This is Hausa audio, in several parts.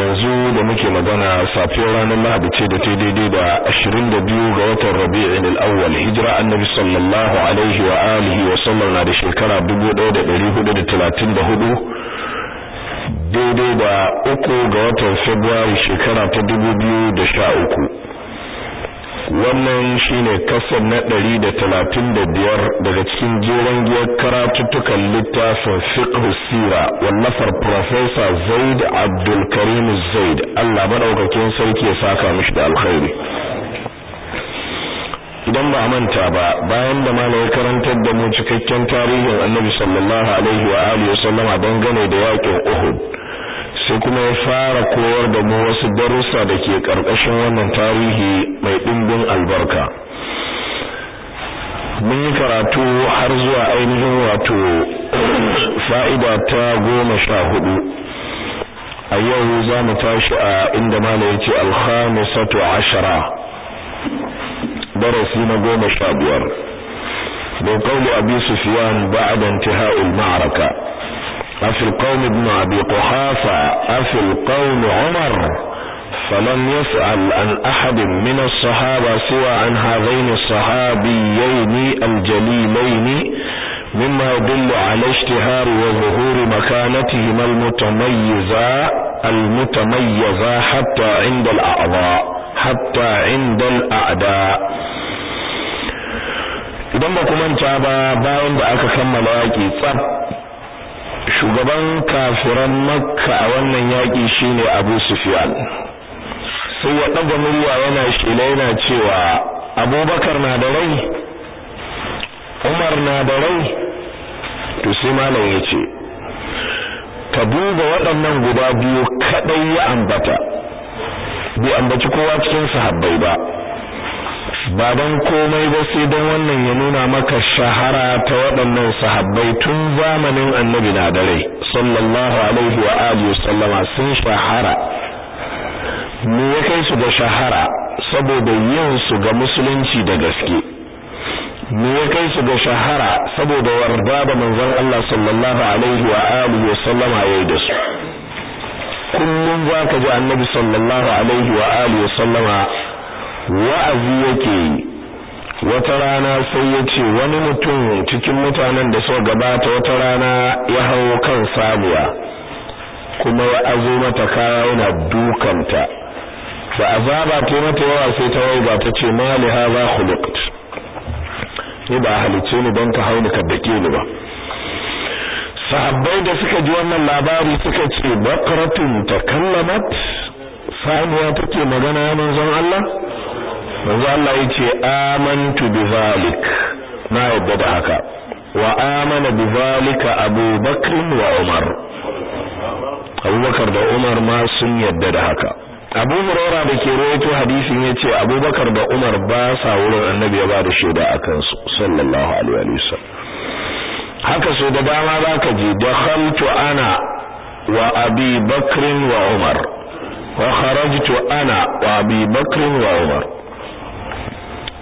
yanzu da muke magana safiyar ranar lahadi ce da ta daidai da 22 ga watan rabi'in al-awwal hijira annabi sallallahu alaihi wa alihi wa sallam na da shekara 1434 daidai da uku ga watan february shekara ta 2013 wannan shi ne kasar na ɗari da talatin da biyar daga cikin jiran giyar karatuttukan littafin fiƙhu sira wallafar profesa Zaid abdulkarim Zaid Allah maɗaukakin sarki ya saka mishi da alkhairi idan ba a manta ba bayan da malam ya karantar da mu cikakken tarihin Annabi sallallahu alaihi wa alihi wasallama dangane da yakin Uhud sai kuma ya fara koyar da mu wasu darussa da ke ƙarƙashin wannan tarihi mai ɗimbin albarka mun yi karatu har zuwa ainihin wato fa'ida ta goma sha hudu a yau za mu tashi a inda mala ya ce alhamisatu ashara darasi na goma sha biyar da kauli abi sufiyan ba'da intiha'il ma'araka أفي القوم ابن أبي قحافة أفي القوم عمر فلم يسأل عن أحد من الصحابة سوى عن هذين الصحابيين الجليلين مما يدل على اشتهار وظهور مكانتهما المتميزة المتميزة حتى عند الأعضاء حتى عند الأعداء إذا ما ku manta باين بأكا da aka shugaban kafiran makka a wannan yaƙi shine abu sufyan sai ya ɗaga murya yana shela yana cewa abubakar na da rai umar na da rai to sai malam ya ce ka duba waɗannan guda biyu kaɗai ya ambata bai ambaci kowa cikin sahabbai ba ba don komai ba sai don wannan ya nuna maka shahara ta waɗannan sahabbai tun zamanin annabi na dare sallallahu alaihi wa alihi sallama sun shahara me ya kai su ga shahara saboda yin su ga musulunci da gaske me ya kai su ga shahara saboda warda da manzon Allah sallallahu alaihi wa alihi sallama yayi da su kullum zaka ji annabi sallallahu alaihi wa alihi sallama wa'azi yake wata rana sai ya ce wani mutum cikin mutanen da suka gabata wata rana ya hau kan sabuwa kuma ya azo mata kaya yana dukanta fa azaba ta mata yawa sai ta waiga ta ce mali hadha khuliqt ni ba halice ni don ka ni ka dake ni ba sahabbai da suka ji wannan labari suka ce baqratun takallamat saniya take magana manzon Allah manzo Allah yace amantu bi zalik na yadda da haka wa amana bi zalika Abu wa Umar Abubakar da Umar ma sun yadda da haka Abu Hurairah da ke rawaito hadisin ya ce Abubakar da Umar ba sa wurin Annabi ya ba da shaida akan su sallallahu alaihi wa sallam haka so da dama za zaka ji dakhaltu ana wa Abi Bakr wa Umar wa kharajtu ana wa Abi Bakr wa Umar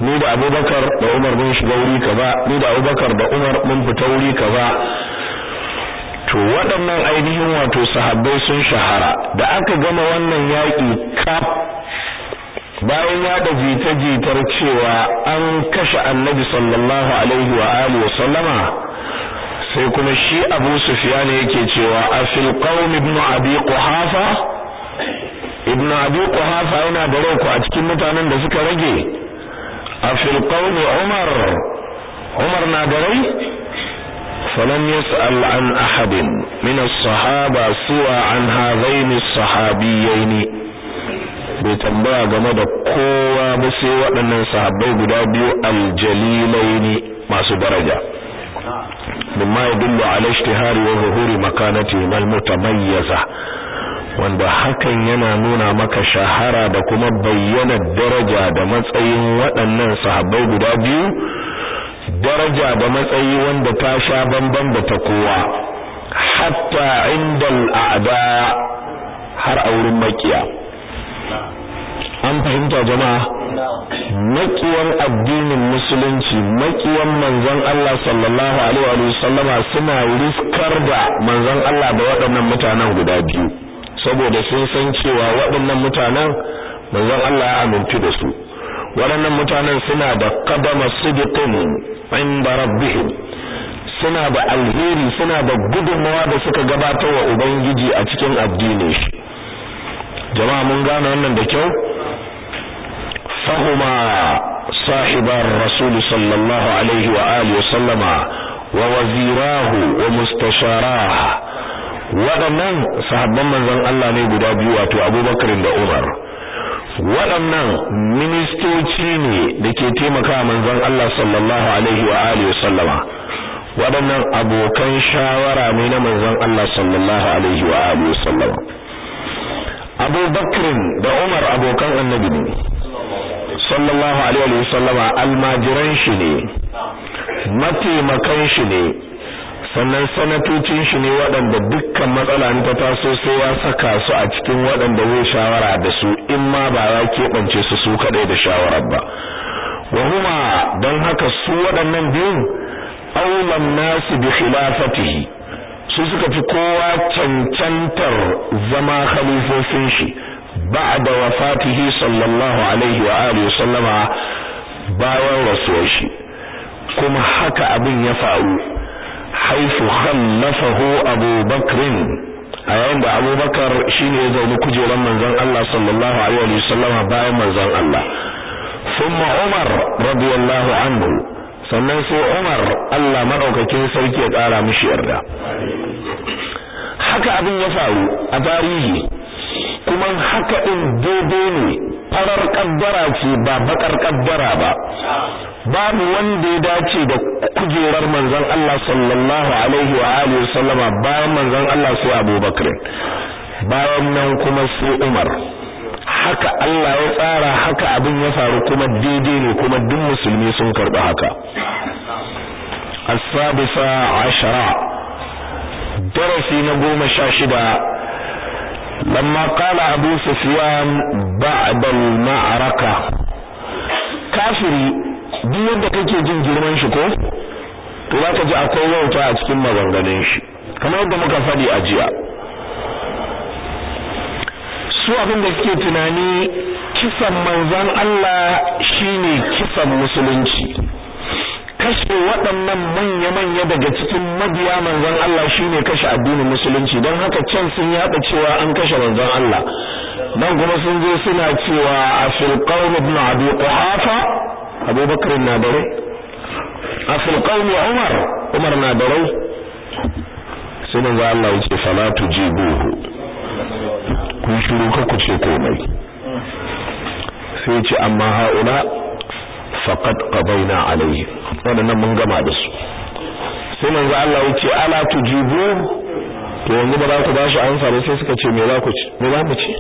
ni da abubakar da umar mun shiga wuri kaza ni da abubakar da umar mun fita wuri kaza to waɗannan ainihin wato sahabbai sun shahara da aka gama wannan yaƙi kaf bayan ya yaɗa jita-jitar cewa an kashe annabi sallallahu alaihi wa alihi wa sallama sai kuma shi abu sufyan yake cewa afil qaum ibn abi quhafa ibn abi quhafa yana da rauku a cikin mutanen da suka rage أفي القوم عمر عمر نادري فلم يسأل عن أحد من الصحابة سوى عن هذين الصحابيين بتنبأ جمد قوة بسوى أن صحابي قدابي الجليلين ما سبرجا مما يدل على اشتهار وظهور مكانتهم المتميزة wanda hakan yana nuna maka shahara da kuma bayyana daraja da matsayin waɗannan sahabbai guda biyu daraja da matsayi wanda ta sha bamban da ta kowa hatta inda al'ada har a wurin makiya an fahimta jama'a makiyan addinin musulunci makiyan manzon Allah sallallahu alaihi wa sallama suna riskar da manzon Allah da waɗannan mutanen guda biyu saboda sun san cewa waɗannan mutanen manzon Allah ya amintu da su waɗannan mutanen suna da qadama sidqin inda rabbihim suna da alheri suna da gudunmawa da suka gabatar wa ubangiji a cikin addini shi jama'a mun gane wannan da kyau fahuma sahibar rasul sallallahu alaihi wa alihi wa sallama wa wazirahu wa mustasharaha waɗannan sahabban manzon Allah ne guda biyu wato Abubakar da Umar waɗannan ministoci ne da ke taimaka manzon Allah sallallahu alaihi wa alihi sallama waɗannan abokan shawara ne na manzon Allah sallallahu alaihi wa alihi sallama Abubakar da Umar abokan annabi ne sallallahu alaihi wa sallama almajiran shi ne mataimakan shi ne sannan sanatocin shi ne waɗanda dukkan matsala ta taso sai ya saka su a cikin waɗanda zai shawara da su in ma ba ya keɓance su su kaɗai da shawarar ba wa huma don haka su waɗannan biyun aulan nasu bi khilafatihi su suka fi kowa cancantar zama khalifofin shi ba'da wafatihi sallallahu alaihi wa alihi sallama bayan rasuwar shi kuma haka abin ya faru haifu khallafahu abu bakrin a yayin da abubakar shine ya zauna kujerar manzon Allah sallallahu alaihi wasallama bayan manzon Allah thumma umar radiyallahu anhu sannan sai umar Allah madaukakin sarki ya kara mishi yarda haka abin ya faru a tarihi kuma haka din daidai ne farar kaddara ce ba bakar kaddara ba babu wanda ya dace da kujerar manzon Allah sallallahu alaihi wa alihi wasallama bayan manzon Allah sai Abubakar bayan nan kuma sai Umar haka Allah ya tsara haka abin ya faru kuma daidai ne kuma duk musulmi sun karɓi haka as-sabisa ashara darasi na goma sha shida lamma qala abu sufyan ba'da al-ma'raka kafiri duk yadda kake jin girman shi ko to za ka ji akwai yauta a cikin maganganun shi kamar yadda muka faɗi a jiya su abin da suke tunani kisan manzon Allah shine kisan musulunci kashe waɗannan manya-manya daga cikin mabiya manzon Allah shine kashe addinin musulunci don haka can sun yaɗa cewa an kashe manzon Allah nan kuma sun zo suna cewa a fil qawm ibn abi abubakar na da rai a filƙauni umar umar na da rai sai manzo Allah ya ce fala tujibuhu kun shiru ka ce komai sai ce amma haula faqad qabaina alaihi wadannan mun gama da su sai manzo Allah ya ce ala tujibu to yanzu ba za ku ba shi amsa ba sai suka ce me za ku ce me za mu ci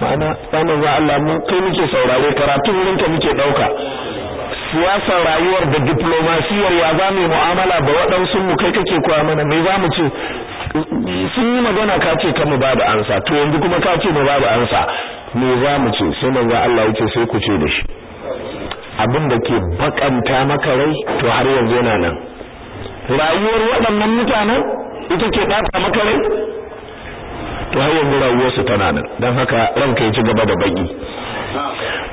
ma'ana tsanin za Allah mun kai muke saurare karatun wurin ka muke ɗauka. siyasar rayuwar da diplomasiyar ya za mu mu'amala da waɗansu mu kai kake kwa mana me za mu ce sun yi magana ka ce ka mu babu ansa to yanzu kuma ka ce mu babu ansa me za mu ce sai manzo Allah wuce sai ku ce da shi abin da ke bakanta maka rai to har yanzu yana nan rayuwar waɗannan mutanen ita ke ɗata maka rai to har yanzu rayuwarsu tana nan don haka ranka ya ci gaba da baki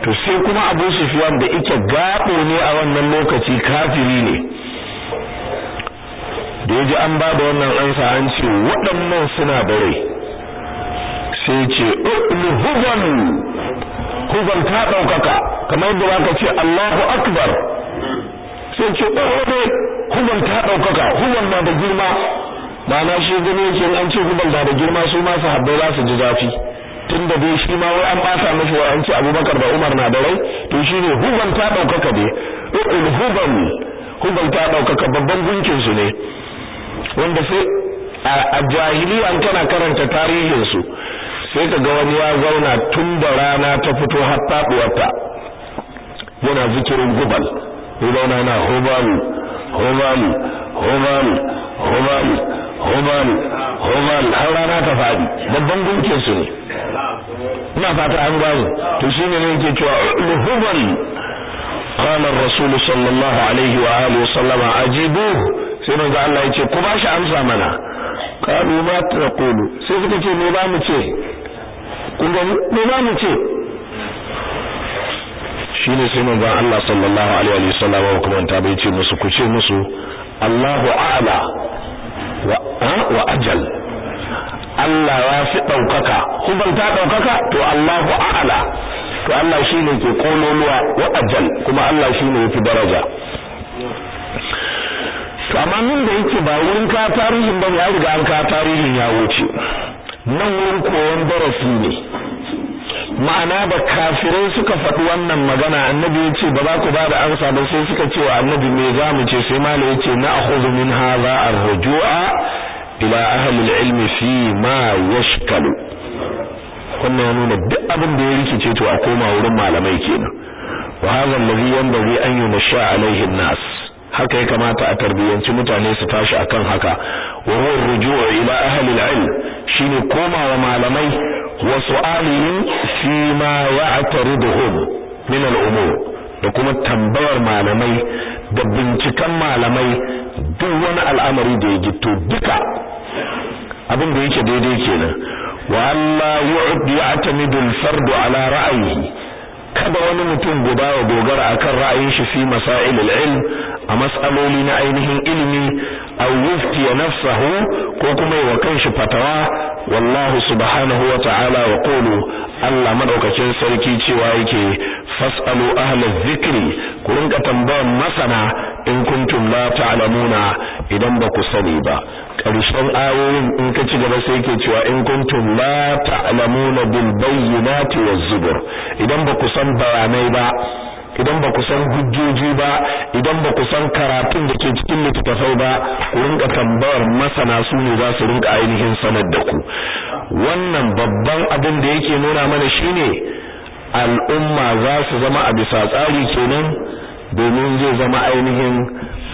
to sai kuma abu sufiyan da ike gaɓo ne a wannan lokaci kafiri ne da ya ji an ba da wannan ansa an ce waɗannan suna da rai sai ce huzan huzan ta ɗaukaka kamar yadda ba ka ce allahu akbar sai ce ɗaure oh, huzan ta ɗaukaka huzan na da girma na shi gani yake an ce huzan na da girma su ma su za su ji zafi tun da dai shi ma wai an basa mashi wa abubakar da umar na da rai to shi ne huban ta ɗaukaka ne ɗin huban huban ta ɗaukaka babban gunkinsu ne wanda sai a jahiliya tana karanta tarihinsu sai ka ga wani ya zauna tun da rana ta fito har faɗuwarta yana zikirin gubal ya zauna hobalu hobalu hobalu hobalu hobalu har rana ta faɗi babban gunkin su ne ina fata an gano to shi ne yake cewa luhuban قال الرسول صلى الله عليه وآله وسلم أجيبوه سيدنا قال الله يتشي كباش أمسى منا قالوا ما تقولوا سيدنا يتشي نظام يتشي kun ga me ce ne sai manzon Allah sallallahu alaihi wa sallam wa kuma ta bai ce musu ku ce musu Allahu a'la wa wa ajal Allah ya fi daukaka kun ta daukaka to Allahu a'la to Allah shine ke kololuwa wa ajal kuma Allah shine fi daraja to amma nan da yake ba wurin ka tarihin ba ya riga an ka tarihin ya wuce nan wurin koyon darasi ne ma'ana da kafirai suka faɗi wannan magana annabi ya ce ba za ku ba da amsa ba sai suka ce wa annabi me za mu ce sai malam ya ce na akhudhu min hadha ar-rujua ila ahli al-ilm fi ma yashkalu wannan nuna duk abin da ya rikice to a koma wurin malamai kenan wa hadha alladhi yanbaghi an sha a an-nas haka ya kamata a tarbiyyanci mutane su tashi akan haka wa huwa rujua ila ahli al-ilm shine komawa malamai wa su'alihi fi ma ya'taruduhum min al-umur da kuma tambayar malamai da binciken malamai duk wani al'amari da ya jito duka abin da yake daidai kenan wa Allah ya'tamidu al-fardu ala ra'ayihi kada wani mutum guda ya dogara akan ra'ayin shi fi masail al-ilm a matsaloli na ainihin ilimi aw ya nafsahu ko kuma yi wa kanshi fatawa wallahu subhanahu wa ta'ala wa qulu Allah madaukakin sarki cewa yake fasalu ahla dhikri ku rinka tambayan masana in kuntum la ta'lamuna idan ba ku sani ba karshen ayoyin in ka ci gaba sai ke cewa in kuntum la ta'lamuna bil bayyinati waz zubur idan ba ku san bayanai ba idan ba ku san hujjoji ba idan ba ku san karatun da ke cikin littattafai ba ku rinka tambayar masana su ne za su rinka ainihin sanar da ku wannan babban abin da yake nuna mana shine al'umma za su zama a bisa tsari kenan domin zai zama ainihin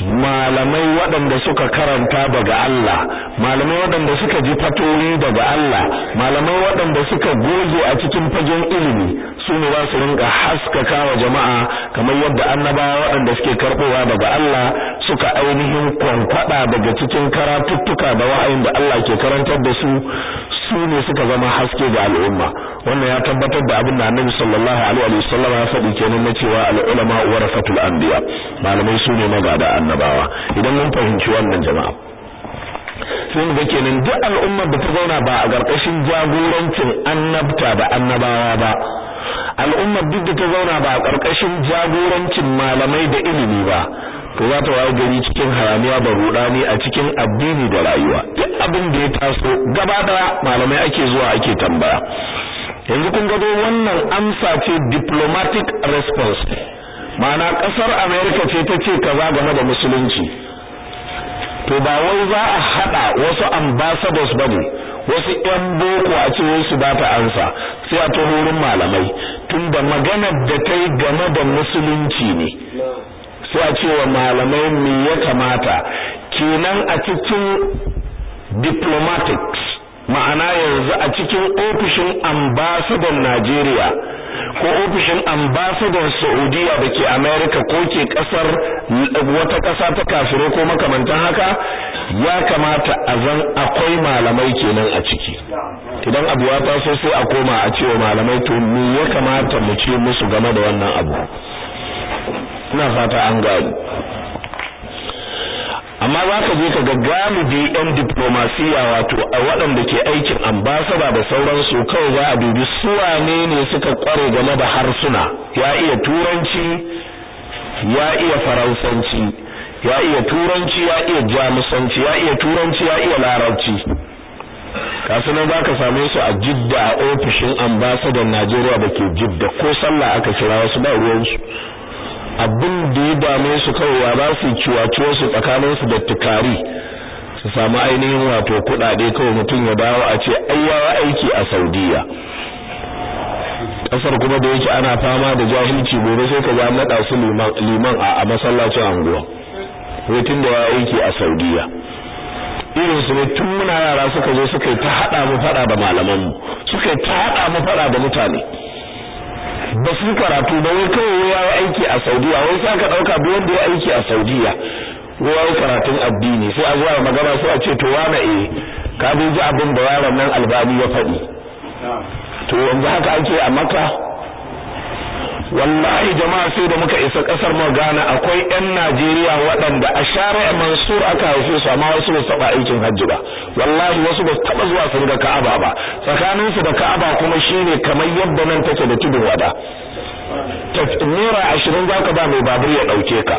malamai waɗanda suka karanta daga Allah malamai waɗanda suka ji fatoyi daga Allah malamai waɗanda suka goge a cikin fagen ilimi su ne za su rinka haskaka wa jama'a kamar yadda annabawa waɗanda suke karɓowa daga Allah suka ainihin kwankwada daga cikin karatuttuka da wa'ayin da Allah ke karantar da su su ne suka zama haske ga al'umma wannan ya tabbatar da abin da annabi sallallahu alaihi wa sallam ya faɗi kenan na cewa al'ulama warasatul anbiya malamai su ne magada annabawa idan mun fahimci wannan jama'a sai mu ga kenan duk al'umma da ta zauna ba a ƙarƙashin jagorancin annabta da annabawa ba al'umma duk da ta zauna ba a ƙarƙashin jagorancin malamai da ilimi ba to za ta waye gari cikin haramiya da rudani a cikin addini da rayuwa duk abin da ya taso gaba daya malamai ake zuwa ake tambaya yanzu kun gado wannan amsa ce diplomatic response ma'ana kasar America ce ta ce kaza game da musulunci to ba wai za a hada wasu ambassadors ne wasu yan boko a ce su ba ta ansa sai a to wurin malamai tunda maganar da ta yi game da musulunci ne sai a cewa malamai me ya kamata kenan a cikin diplomatics ma'ana yanzu a cikin ofishin ambasadan Najeriya ko ofishin ambasadan Saudiya da ke America ko ke kasar wata kasa ta kafire ko makamantan haka ya kamata a zan akwai malamai kenan a ciki idan abu ya taso sai a koma a cewa malamai to me ya kamata mu ce musu game da wannan abu ina fata an gano amma za ka je ka ga galibi yan diplomasiya wato a waɗanda ke aikin ambasada da sauransu kawai za a dubi su wane ne suka kware game da harsuna ya iya turanci ya iya faransanci ya iya turanci ya iya jamusanci ya iya turanci ya iya larabci kasu nan za ka same su a jidda a ofishin ambasadan najeriya da ke jidda ko sallah aka kira wasu ba ruwansu abin da ya dame su kawai ya ba su ciwaciwa su tsakanin su da tukari su samu ainihin wato kuɗaɗe kawai mutum ya dawo a ce ayyawa aiki a saudiya kasar kuma da yake ana fama da jahilci gobe sai ka ga naɗa su liman a masallacin anguwa wetin da ya aiki a saudiya irin su ne tun muna yara suka zo suka yi ta haɗa mu faɗa da malamanmu suka yi ta haɗa mu faɗa da mutane ba su karatu ba wai kawai ya yi aiki a saudiya wai sa ka ɗauka duk wanda ya aiki a saudiya ya yi karatun addini sai a zuwa magana sai a ce to wane eh ka bi ji abin da yaron nan albani ya faɗi to yanzu haka ake a maka wallahi jama'a sai da muka isa kasar mu gana akwai yan Najeriya waɗanda a shari'a Mansur aka haife su amma wasu ba su taba aikin hajji ba wallahi wasu ba taba zuwa su ga Ka'aba ba tsakanin su da Ka'aba kuma shine kamar yadda nan take da tudun wada Ta naira ashirin zaka ba mai babur ya dauke ka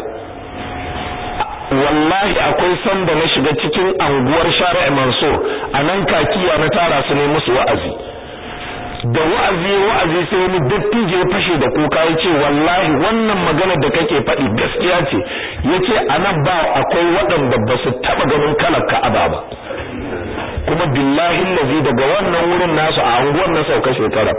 wallahi akwai sanda na shiga cikin anguwar shari'a Mansur a nan kakiya na tara su ne musu wa'azi da wa'azi wa'azi sai wani dattijo ya fashe da kuka ya ce wallahi wannan magana da kake faɗi gaskiya ce ya ce a nan ba akwai waɗanda ba su taɓa ganin kalar ka'aba ba kuma billahi lazi daga wannan wurin nasu a anguwan na sauka shekara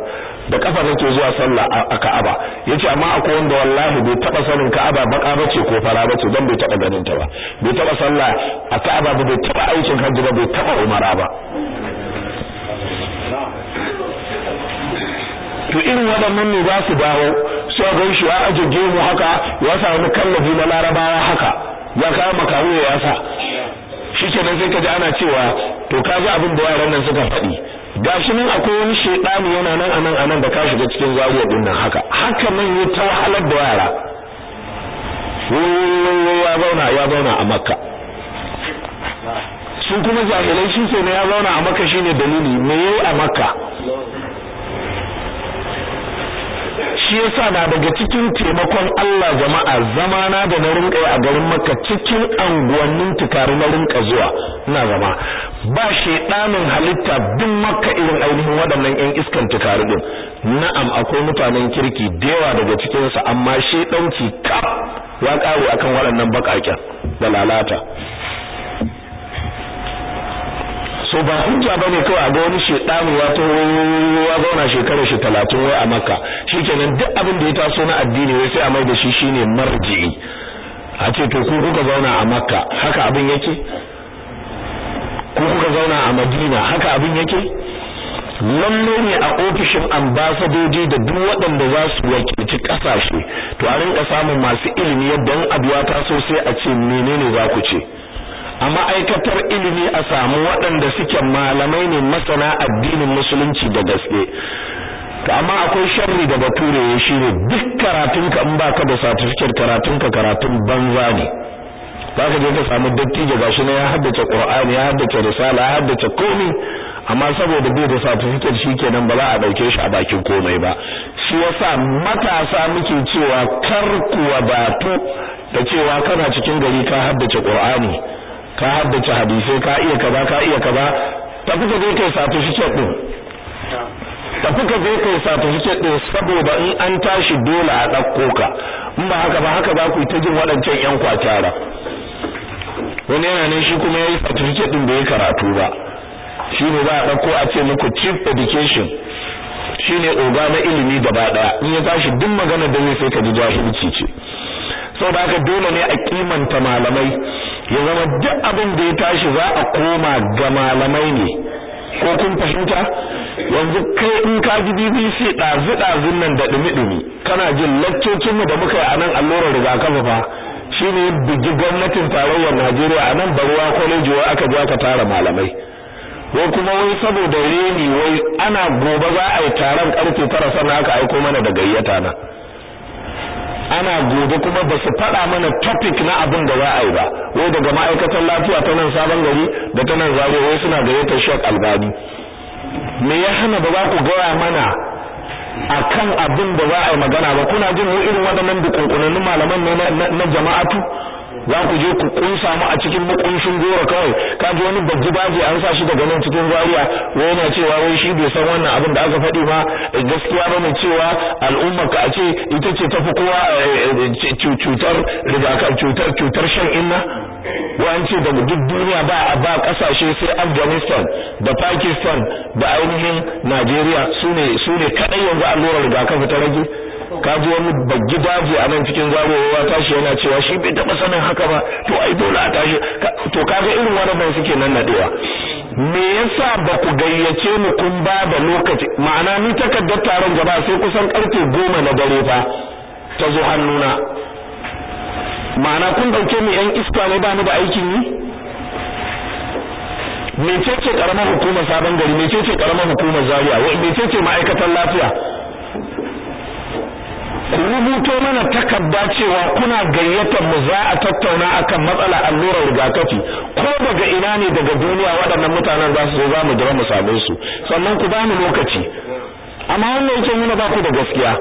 da kafa nake zuwa sallah a Ka'aba yace amma akwai wanda wallahi bai taba sanin Ka'aba baka bace ko fara bace dan bai taba ganin ta ba bai taba sallah a Ka'aba ba bai taba aikin hajji ba bai taba umara ba to irin waɗannan ne za su dawo su ga shi ya aje gemu haka ya samu kallafi na larabawa haka ya kama makamu ya sa nan sai ka ji ana cewa to ka ji abin da yaran nan suka faɗi gashi nan akwai wani shedani yana nan anan anan da ka shiga cikin zariya din nan haka haka nan ya ta halar da yara ya zauna ya zauna a makka sun kuma jami'ai shi ne ya zauna a makka shine dalili me yayi a makka shi yasa na daga cikin taimakon Allah jama'a zama na da na rinka a garin Makka cikin anguwannin tukari na rinka zuwa ina zama ba shedanin halitta duk Makka irin ainihin waɗannan ƴan iskan tukari din na'am akwai mutanen kirki da yawa daga cikin su amma shedanci kaf ya kare akan waɗannan bakaken da lalata so ba hujja bane kawai a ga wani shedanu ya to ya zauna shekara shi 30 wai a Makka shikenan duk abin da ya taso na addini wai sai a mai da shi shine marji a ce to ku kuka zauna a Makka haka abin yake ku kuka zauna a Madina haka abin yake lalle ne a ofishin ambasadoji da duk waɗanda za su wakilci ƙasashe to a rinka samun masu ilimi yadda abu ya taso sai a ce menene za ku ce a ma'aikatar ilimi a samu waɗanda suke malamai ne masana addinin musulunci da gaske to amma akwai sharri da bature ya ne duk karatunka in baka da satifikar karatunka karatun banza ne za ka je ka samu ga gashi na ya haddace qur'ani ya haddace risala ya haddace komi amma saboda bai da ke nan ba za a ɗauke shi a bakin komai ba shi yasa matasa muke cewa kar kuwa bato da cewa kana cikin gari ka haddace qur'ani ka haddace hadisai ka iya kaza ka iya kaza tafi ka je kai certificate din tafi ka je kai certificate din saboda in an tashi dole a ɗauko ka in ba haka ba haka za ku yi ta jin waɗancan yan kwatara wani yana nan shi kuma ya yi certificate din da ya karatu ba shi ne za a ɗauko a ce muku chief education shi ne oga na ilimi gaba ɗaya in ya tashi duk magana da zai sai ka ji jahilci ce da haka dole ne a kimanta malamai ya zama duk abin da ya tashi za a koma ga malamai ne ko kun fahimta yanzu kai in ka ji BBC ɗazu ɗazu nan da dumi dumi kana jin laccocin mu da muka yi anan nan allurar rigakafi fa shine bugi gwamnatin tarayyar Najeriya a nan Barwa College wa aka ga ka tara malamai ko kuma wai saboda reni wai ana gobe za a yi taron karfe tara sannan aka aiko mana da gayyata na ana gobe kuma ba su faɗa mana topic na abin da za a yi ba wai daga ma'aikatar lafiya ta nan sabon gari da ta nan zariya wai suna gayyatar shek albani me ya hana ba za ku gaya mana akan abin da za a yi magana ba kuna jin mu irin waɗannan dukunkunanin malaman na jama'atu za ku je ku kun mu a cikin makunshin goro kawai ka ji wani babji baji an sa shi daga nan cikin zariya wai yana cewa wai shi bai san wannan abin da aka faɗi ba eh, gaskiya ba ne cewa al'umma ka ce ita ce tafi kowa eh, eh, cutar rigakar cutar cutar shan inna wani ce daga duk duniya ba a ba kasashe sai afghanistan da pakistan da ainihin najeriya su su ne kaɗai yanzu allurar rigakafi ta rage ka ji wani baggi daji a nan cikin zagowa tashi yana cewa shi bai taɓa sanin haka ba to ai dole a tashi to kaga irin bai suke nan nadewa me yasa ba ku gayyace mu kun ba da lokaci ma'ana ni takardar taron gaba sai kusan karfe goma na dare fa ta zo hannuna ma'ana kun ɗauke mu yan iska ne ba mu da aikin yi mecece karamar hukumar sabon gari mecece karamar hukumar zaria mecece ma'aikatan lafiya rubuto mana takarda cewa kuna gayyatar mu za a tattauna akan matsala allurar rigakafi ko daga ina ne daga duniya waɗannan mutanen za su zo za mu jira mu same su sannan ku bani lokaci amma wannan yake nuna ba ku da gaskiya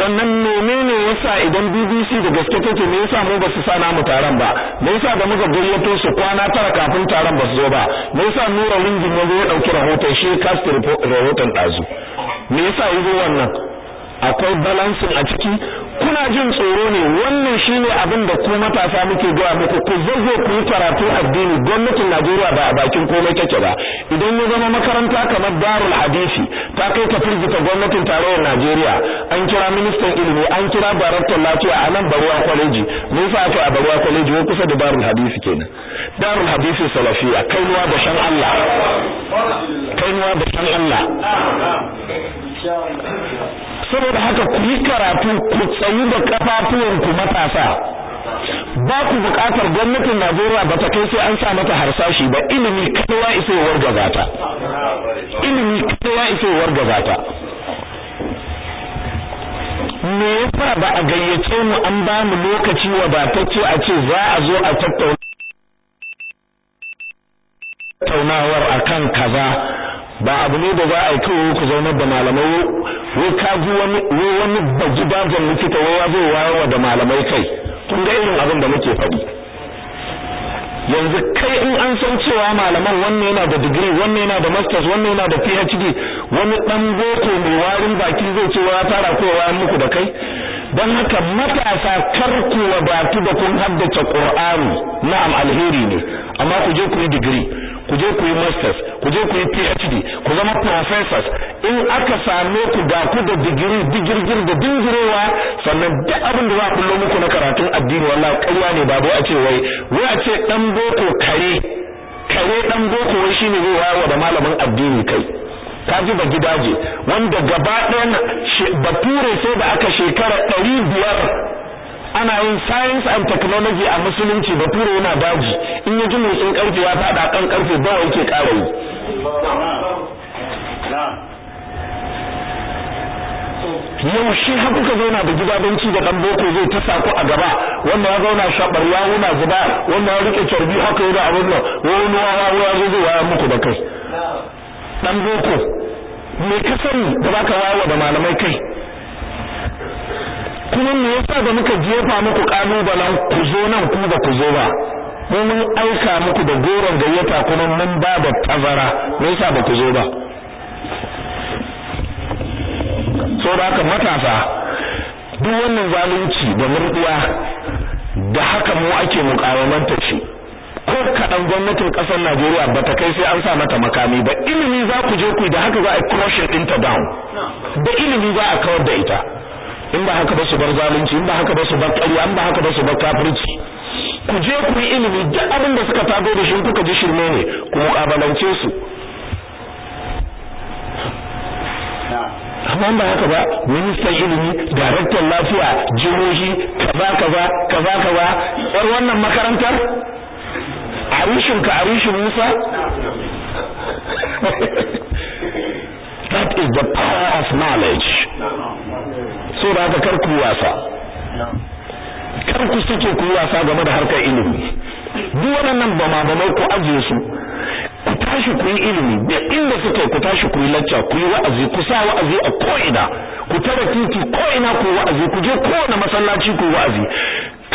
sannan menene yasa idan BBC da gaske take me yasa mu ba su sa namu taron ba me yasa da muka gayyato su kwana tara kafin taron ba su zo ba me yasa Nura Ringin ya zo ya ɗauki rahoton shi kasta rahoton ɗazu, me yasa zo wannan akwai balansin a ciki kuna jin tsoro ne wannan shine abin da ku matasa muke gaya muku ku zazo ku yi karatu addini gwamnatin Najeriya ba a bakin komai take ba idan ya zama makaranta kamar Darul Hadisi ta kai ta firgita gwamnatin tarayyar Najeriya an kira ministan ilimi an kira daraktan lafiya a nan Baruwa College mun sa aka a Baruwa College ko kusa da Darul Hadisi kenan Darul Hadisi Salafiya kainuwa da shan Allah kainuwa da shan Allah saboda haka ku yi karatu ku tsayu da kafafuwanku matasa ba ku buƙatar gwamnatin Najeriya ba ta kai sai an sa mata harsashi ba ilimi kaɗai ya isa wargaza ta ilimi kaɗai isa ya wargaza me yasa ba a gayyace mu an ba mu lokaci wadatacce a ce za a zo a tattauna tattaunawar akan kaza ba abu ne da za a yi kawo ku zaunar da malamai wai ka ji wani wai wani baji dajin likita wai ya zai wayarwa da malamai kai kun ga irin abin da muke faɗi yanzu kai in an san cewa malaman wannan yana da digiri wannan yana da masters wannan yana da phd wani dan boko mai warin baki zai ce wa fara kowa muku da kai dan haka matasa kar ku wadatu da kun haddace qur'ani na'am alheri ne amma ku je ku yi digiri ku je ku yi masters ku je ku yi phd ku zama professors in aka same ku da ku da digiri digirgir da dingirowa sannan duk abin da za ku lo muku na karatun addini wallahi ƙarya ne babu a ce wai wai a ce dan boko kare kare dan boko wai shine zai wawa da malamin addini kai kaji ba gidaje wanda gaba ɗayan bature sai da aka shekara ɗari biyar ana yin science and technology a musulunci bature yana daji in ya ji motsin karfe ya fada kan karfe bawa yake kara yi yaushe haka ka zauna da gidabanci da dan boko zai ta sako a gaba wanda ya zauna shabar ya wuna zuba wanda ya rike carbi haka yana abin nan wani wawa ya zai ya muku da kai dan boko me ka sani da baka wawa da malamai kai kuma me yasa da muka jefa muku kalubalen ku zo nan ku ba ku zo ba mun aika muku da goron gayyata kuma mun ba da tazara me yasa ba ku zo ba So da haka matasa duk wannan zalunci da murdiya da haka mu ake mukawamanta shi ko kaɗan gwamnatin ƙasar Najeriya ba ta kai sai an sa mata makami ba ilimi za ku je ku da haka za a crush it down da ilimi za a kawar da ita in ba haka ba su bar zalunci in ba haka ba su bar ƙarya in ba haka ba su bar kafirci ku je ku yi ilimi duk abin da suka tago da shi kuka ji shirme ne ku muƙabalance su amma ba haka ba ministan ilimi daraktan lafiya jihohi kaza kaza kaza kaza yar wannan makarantar arishin ka arishin musa that is the power of knowledge so da kar ku wasa kar ku kuyi ku wasa game da harkar ilimi duk waɗannan ba ma ba ku ajiye su ku tashi ku yi ilimi da inda suke ku tashi ku yi lacca ku yi wa'azi ku sa wa'azi a ko'ina ku tara titi ko'ina ku yi wa'azi ku je kowane masallaci ku yi wa'azi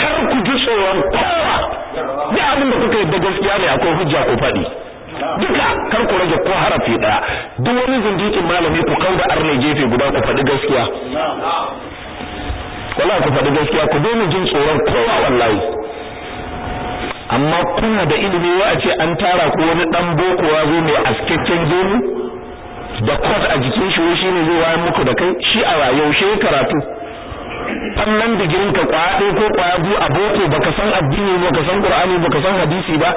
kar ku ji tsoron kowa da abin da kuka yi da gaskiya ne akwai hujja ku faɗi duka kar ku rage ko harafi daya duk wani zindikin malami ku kauda arne gefe guda ku faɗi gaskiya wallahi ku faɗi gaskiya ku dole jin tsoron kowa wallahi amma kuna da ilimi wa ce an tara ku wani dan boko ya zo mai askakken gemu da kwas a jikin shi shi ne zai wayar muku da kai shi a yaushe karatu sannan digirin ka kwaya ɗaya ko kwaya biyu a boko baka san addini ba baka san qur'ani baka san hadisi ba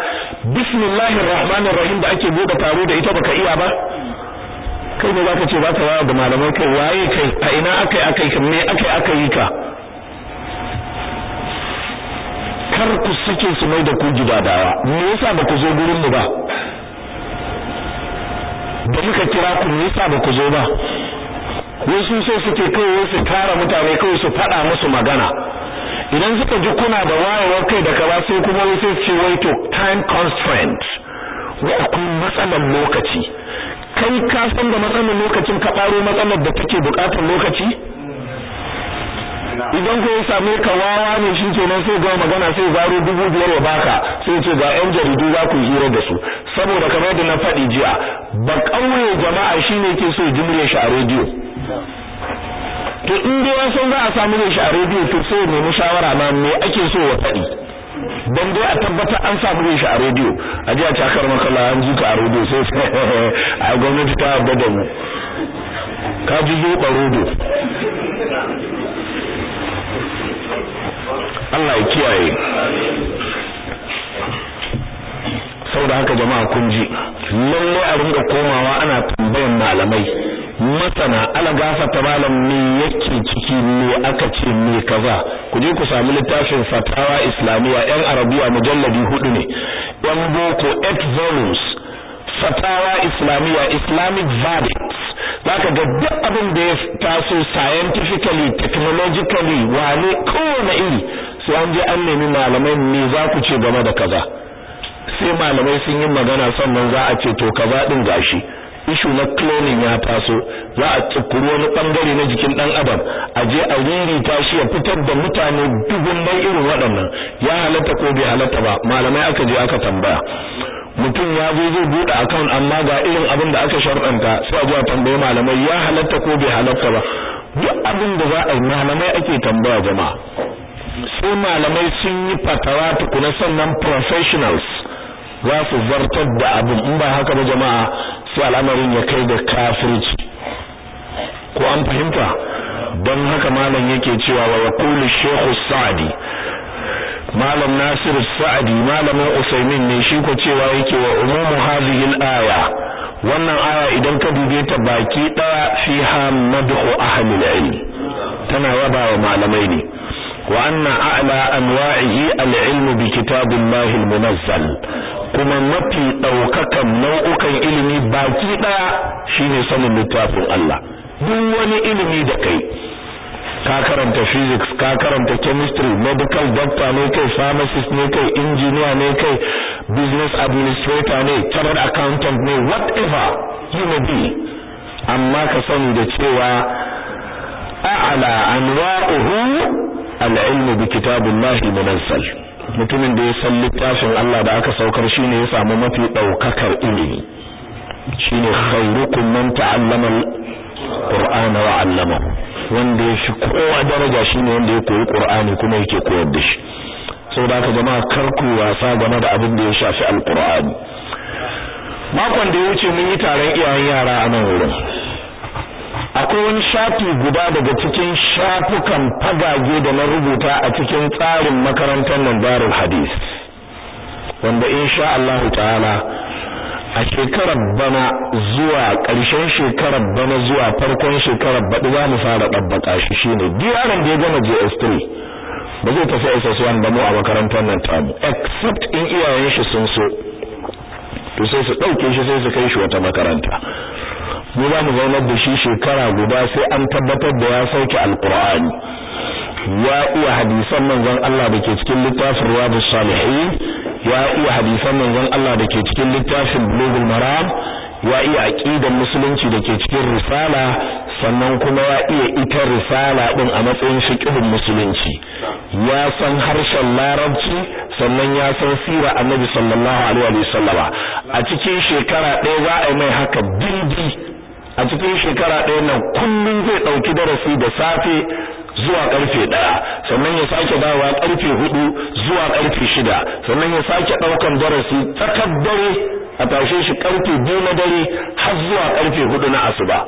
bismillahir rahmanir rahim da ake buɗe taro da ita baka iya ba kai ne zaka ce ba ka waya ga malamai kai waye kai a ina akai akai ka me akai aka yi ka kar ku sake su mai da ku gidadawa me yasa ba ku zo gurin mu ba da muka kira ku me yasa ba ku zo ba Wasu sun so suke kawai su tara mutane kawai su faɗa musu magana idan suka ji kuna da wayewar kai da kaza sai kuma wai sai ce wai to time constraint wai akwai matsalar lokaci kai ka san da matsalar lokacin ka ɓaro matsalar da take buƙatar lokaci idan ko ya same ka wawa ne shi nan sai ga magana sai zaro dubu biyar ya baka sai ce ga yan jaridu za ku hira da su saboda kamar da na faɗi jiya ba ƙauye jama'a shine ke so jimre shi a rediyo to in dai wasan san za a samu ne shi a rediyo to sai mu shawara ma me ake so wa faɗi don dai a tabbata an samu ne shi a rediyo a ji a cakar makala an ji ka a rediyo sai a gwamnati ta yarda da mu ka ji zo barodo Allah ya kiyaye da haka jama'a kun ji lallai a rinka komawa ana tambayan malamai masana ala ta malam me yake ciki me aka ce me kaza ku je ku samu littafin fatawa islamiyya. yan arabiya mujalladi hudu ne yan boko eight volumes fatawa islamiyya islamic verdicts zaka ga duk abin da ya taso scientifically technologically wane kowane iri sai an je an nemi malamai me za ku ce game da kaza sai malamai sun yi magana sannan za a ce to kaza din gashi ishu na cloning ya taso za a tsukuru wani bangare na jikin dan adam a je a ririta shi ya fitar da mutane dubun bai irin waɗannan ya halatta ko bai halatta ba malamai aka je aka tambaya mutum ya zo zai buɗe account amma ga irin abin da aka sharɗanta sai a zuwa tambaye malamai ya halatta ko bai halatta ba duk abin da za a yi malamai ake tambaya jama'a sai malamai sun yi fatawa tukuna sannan professionals za su zartar da abin in ba haka ba jama'a sai al'amarin ya kai da kafirci ko an fahimta don haka malam yake cewa wa yaqulu Shekhu sa'di malam nasir Sa'adi, malamin usaimin ne shi ko cewa yake wa umumu hadhihi aya wannan aya idan ka dube ta baki daya fiha madhu ahli al-ilm tana yaba wa malamai ne wa anna a'la anwa'ihi al-ilm bi kitabillahi al-munazzal kuma mafi ɗaukakan nau'ukan ilimi baki daya shine sanin littafin Allah duk wani ilimi da kai ka karanta physics ka karanta chemistry medical doctor ne kai pharmacist ne kai engineer ne kai business administrator ne chartered accountant ne whatever you may be amma ka sani da cewa a'la anwa'uhu al'ilmu bi kitabullahi munazzal mutumin da ya san littafin Allah da aka saukar ne ya samu mafi ɗaukakar ilimi shine khairukum man ta'allama al wa wanda ya fi kowa daraja shine wanda ya koyi ƙur'ani kuma yake koyar da shi saboda haka jama'a kar ku wasa game da abin da ya shafi al makon da ya wuce mun yi taron iyayen yara a nan wurin akwai wani shafi guda daga cikin shafukan fagage da na rubuta a cikin tsarin makarantar nan darul hadis wanda insha Allah ta'ala a shekarar bana zuwa ƙarshen shekarar bana zuwa farkon shekarar baɗi za mu fara ɗabbaƙa shi shine duk yaron da ya gama JS3 ba zai tafi SS1 ba mu a makarantar nan ta mu except in iyayen shi sun so to sai su ɗauke shi sai su kai shi wata makaranta mu za mu zaunar da shi shekara guda sai an tabbatar da ya sauke alkur'ani ya iya hadisan manzon Allah da ke cikin littafin riyadus salihin ya iya hadisan manzon Allah da ke cikin littafin bulugul maram ya iya aqidar musulunci da ke cikin risala sannan kuma ya iya ita risala din a matsayin fiqhin musulunci ya san harshen larabci sannan ya san sira annabi sallallahu alaihi wasallama a cikin shekara ɗaya za a yi mai haka dindin a cikin shekara ɗaya nan kullum zai ɗauki darasi da safe zuwa ƙarfe ɗaya sannan ya sake dawowa ƙarfe hudu zuwa ƙarfe shida sannan ya sake ɗaukan darasi tsakar dare a tashe shi karfe biyu na dare har zuwa ƙarfe hudu na asuba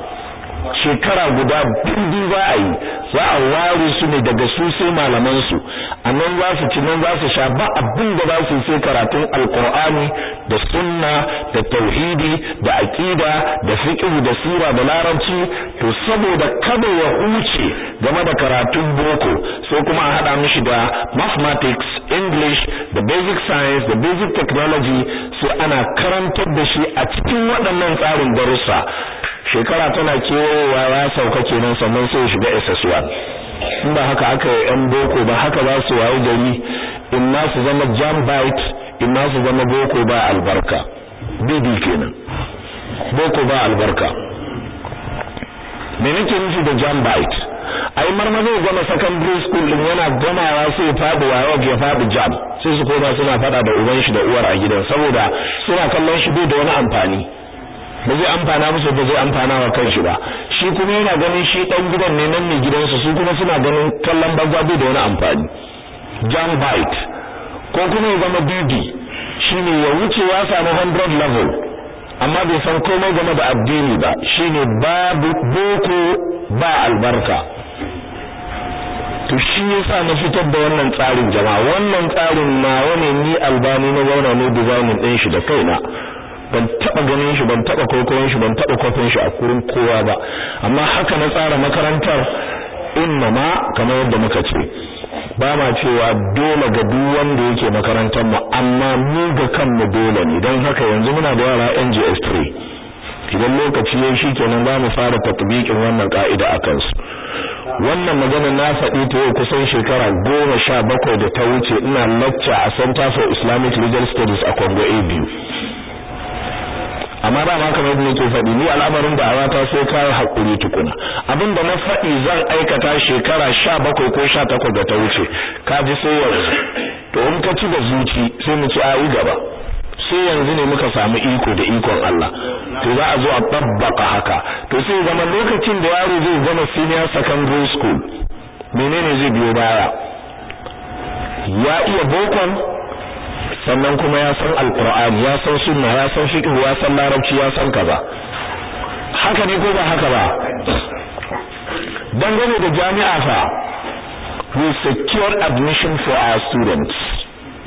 shekara guda bindi za a yi za a ware su ne daga su sai malaman su a nan za su ci nan za su sha ba abin da za su sai karatun alkur'ani da sunna da tauhidi da aqida da fiqh da sira da larabci to saboda kada ya huce game da karatun boko sai kuma a hada mishi da mathematics english da basic science da basic technology sai ana karantar da shi a cikin waɗannan tsarin darussa shekara tana kewayowa ya sauka kenan sannan sai ya shiga SS1 in ba haka aka yi yan boko ba haka za su wayi gari in ma su zama jam-bite in ma su zama boko ba albarka bibi kenan boko ba albarka me ke nufi da jambite ai ya gama secondary school din yana gama ya sai fadi wayo ya fadi jam sai su koma suna fada da uban shi da uwar a gidan saboda suna kallon shi bai da wani amfani ba zai amfana musu ba zai amfana wa kanshi ba shi kuma yana ganin shi dan gidan ne nan ne gidansa su kuma suna ganin kallon banza bai da wani amfani jam bite ko kuma ya zama bibi ne ya wuce ya samu 100 level amma bai san komai game da addini ba shi ne babu boko ba albarka to shi sa na fitar da wannan tsarin jama'a wannan tsarin na wani ni albani na zauna ne designing ɗin shi da kaina ban taba ganin shi ban taba kwaikwayon shi ban taba kwafin shi a kurin kowa ba amma haka na tsara makarantar inna ma kamar yadda muka ce ba ma cewa dole ga duk wanda yake makarantar mu amma mu ga kanmu dole ne don haka yanzu muna da yara ngs 3 idan lokaci ya shi kenan za mu fara tatbikin wannan ka'ida a kansu wannan magana na faɗi ta yau kusan shekara goma sha bakwai da ta wuce ina lacca a Center for Islamic Legal Studies a Congo A amma ba ma kamar yadda nake faɗi ni al'amarin da ta sai ka hakuri tukuna abin da na faɗi zan aikata shekara 17 ko 18 da ta wuce ka ji sai yanzu to in ka ci da zuci sai mu ci ayi gaba sai yanzu ne muka samu iko da ikon Allah to za a zo a babbaka haka to sai zaman lokacin da yaro zai zama senior secondary school menene zai biyo baya ya iya bokon sannan kuma ya san alkur'ani ya san sunna ya san fiqh ya san larabci ya san kaza haka ne ko ba haka ba dangane da jami'a fa we secure admission for our students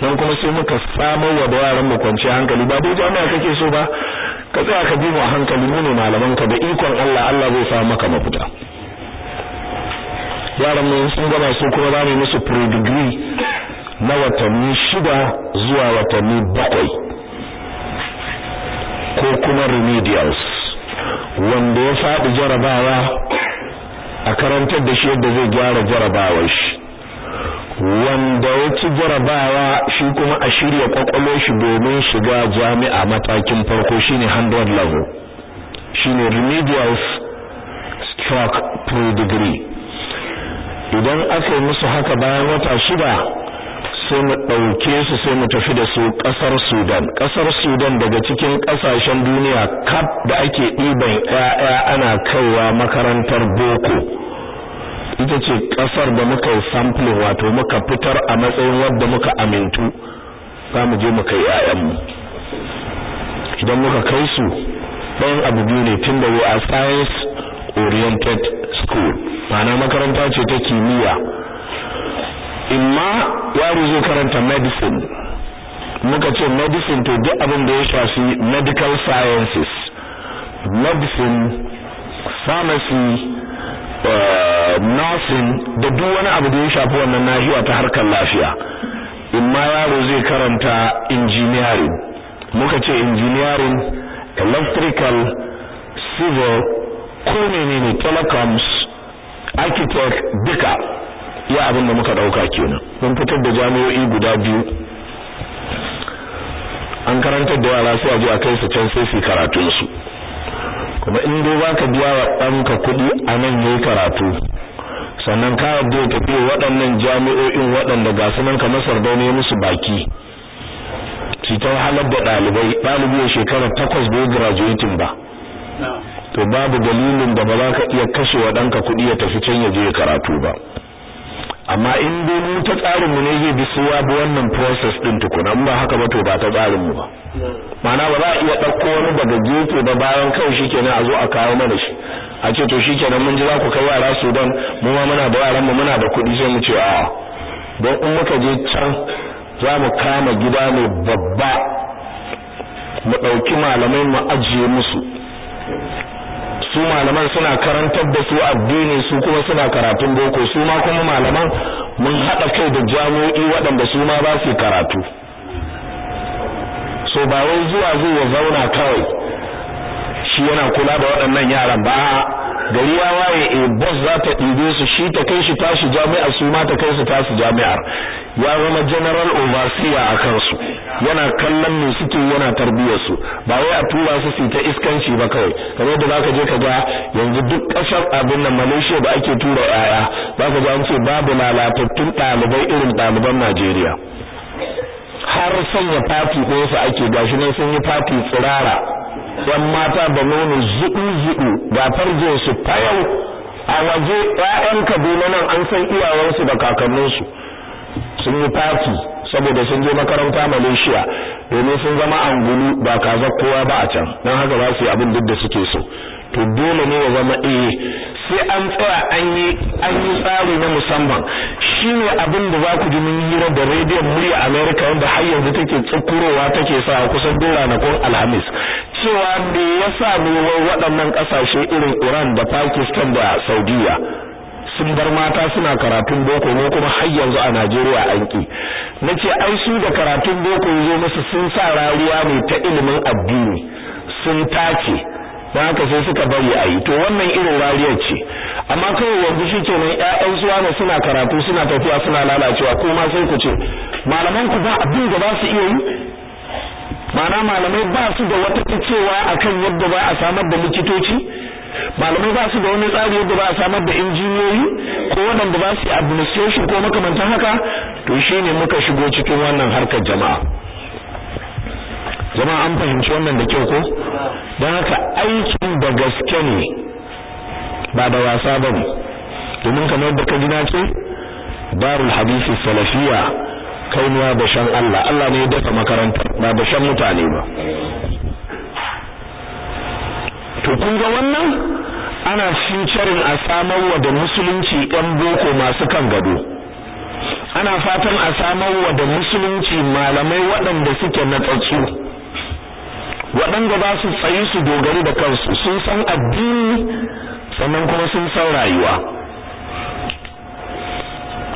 don kuma sai muka samu wa da yaran mu kwanci hankali ba dai jami'a kake so ba ka tsaya ka bi mu hankali mu ne malaman ka da ikon Allah Allah zai sa maka mafita yaran mu sun gama su kuma zamu yi musu pre degree na watanni shida zuwa watanni bakwai ko kuma remedials wanda ya faɗi jarabawa a karantar da shi yadda zai gyara jarabawar shi wanda ya ci jarabawa shi kuma a shirya kwakwalo shi domin shiga jami'a matakin farko shine hundred level shine remedials stroke pre degree idan aka yi musu haka bayan wata shida sai mu ɗauke su sai mu tafi da su ƙasar Sudan ƙasar Sudan daga cikin ƙasashen duniya kaf da ake ɗiban ƴaƴa ana kaiwa makarantar boko ita ce ƙasar da muka yi sampling wato muka fitar a matsayin wadda muka amintu za mu je mu kai ƴaƴanmu idan muka kai su ɗayan abu biyu ne tun da we are science oriented school ma'ana makaranta ce ta kimiyya imma ya zai karanta medicine muka ce medicine to duk abin da ya shafi medical sciences medicine pharmacy Uh, nursing da duk wani abu da ya shafi wannan nahiya ta harkar lafiya imma yaro zai karanta engineering muka ce engineering electrical civil ko menene telecoms architect duka ya abin da muka dauka kenan mun fitar da jami'o'i guda biyu an karantar da yara sai a je a kai su can sai su karatu su kuma in dai ka biya wa ɗanka kuɗi a nan yayi karatu sannan ka yadda ya tafi waɗannan jami'o'in waɗanda ga su nan kamar ne musu baki su ta wahalar da ɗalibai ɗalibi ya shekara takwas bai graduating ba to babu dalilin da ba za ka iya kashe wa ɗanka kuɗi ya tafi can ya je karatu ba amma in dai mu ta tsarin mu ne zai bi su wannan process din tukuna ba haka ba to ba ta tsarin mu ba mana ba za a iya ɗauko wani daga gefe ba bayan kai shikenan a zo a kawo mana shi a ce to shikenan mun ji za ku kai yara Sudan mu ma muna da yaran mu muna da kuɗi sai mu ce a don in muka je can za mu kama gida ne babba mu ɗauki malamai mu ajiye musu su malaman suna karantar da su addini su kuma suna karatun boko su ma kuma malaman mun haɗa kai da jami'o'i waɗanda su ma ba su karatu so ba wai zuwa zuwa zauna kawai shi yana kula da waɗannan yaran ba gari ya waye eh, bus za ta ɗibe su shi ta kai shi tashi jami'ar su ma ta kai su tashi jami'ar ya zama general overseer a kansu yana kallon mai suke yana tarbiyar su ba wai a tura su su ta iskanci ba kawai kamar da zaka je ka ga yanzu duk kasar abin nan Malaysia da ake tura yaya zaka ga an ce babu lalatattun ɗalibai irin ɗaliban Najeriya har sanya fati ko su ake gashi nan sun yi fati tsirara yan mata da nono zuɗu zuɗu ga farjin su fayau a waje ya'yan kabila nan an san iyawarsu da kakanninsu sun yi fati saboda sun je makaranta Malaysia domin sun zama angulu ba kaza kowa ba a can don haka za su yi abin duk da suke so to dole ne ya zama eh sai an tsaya an yi an yi tsari na musamman shine abin da za ku ji mun hira da radio murya America wanda har yanzu take tsukurowa take sa kusan dora na kun Alhamis cewa me yasa mu waɗannan kasashe irin Iran da Pakistan da Saudiya sun bar mata suna karatun boko ne kuma har yanzu a Najeriya an ki ce ai su da karatun boko yazo musu sun sa rariya ne ta ilimin addini sun tace don haka sai suka bari a yi to wannan irin rariyar ce amma kawai yanzu shi mai ƴaƴan suwa ne suna karatu suna tafiya suna lalacewa ko ma sai ku ce malaman ku ba abin da ba su iya yi ma'ana malamai ba su da wata cewa akan yadda ba a samar da likitoci malamai ba su da wani tsari yadda ba a samar da injiniyoyi ko waɗanda ba su administration ko makamantan haka to shi ne muka shigo cikin wannan harkar jama'a jama'a an fahimci wannan da kyau ko don haka aikin da gaske ne ba da wasa ba ne domin kamar da ka gina ce darul hadisi salafiya kainuwa da shan Allah Allah ne ya dafa makaranta ba da shan mutane ba to kun ga wannan ana carin a samar wa da musulunci 'yan boko masu kan gado ana fatan a samar wa da musulunci malamai waɗanda suke na tsatsu waɗanda ba su tsayi su dogari da kansu sun san addini sannan kuma sun san rayuwa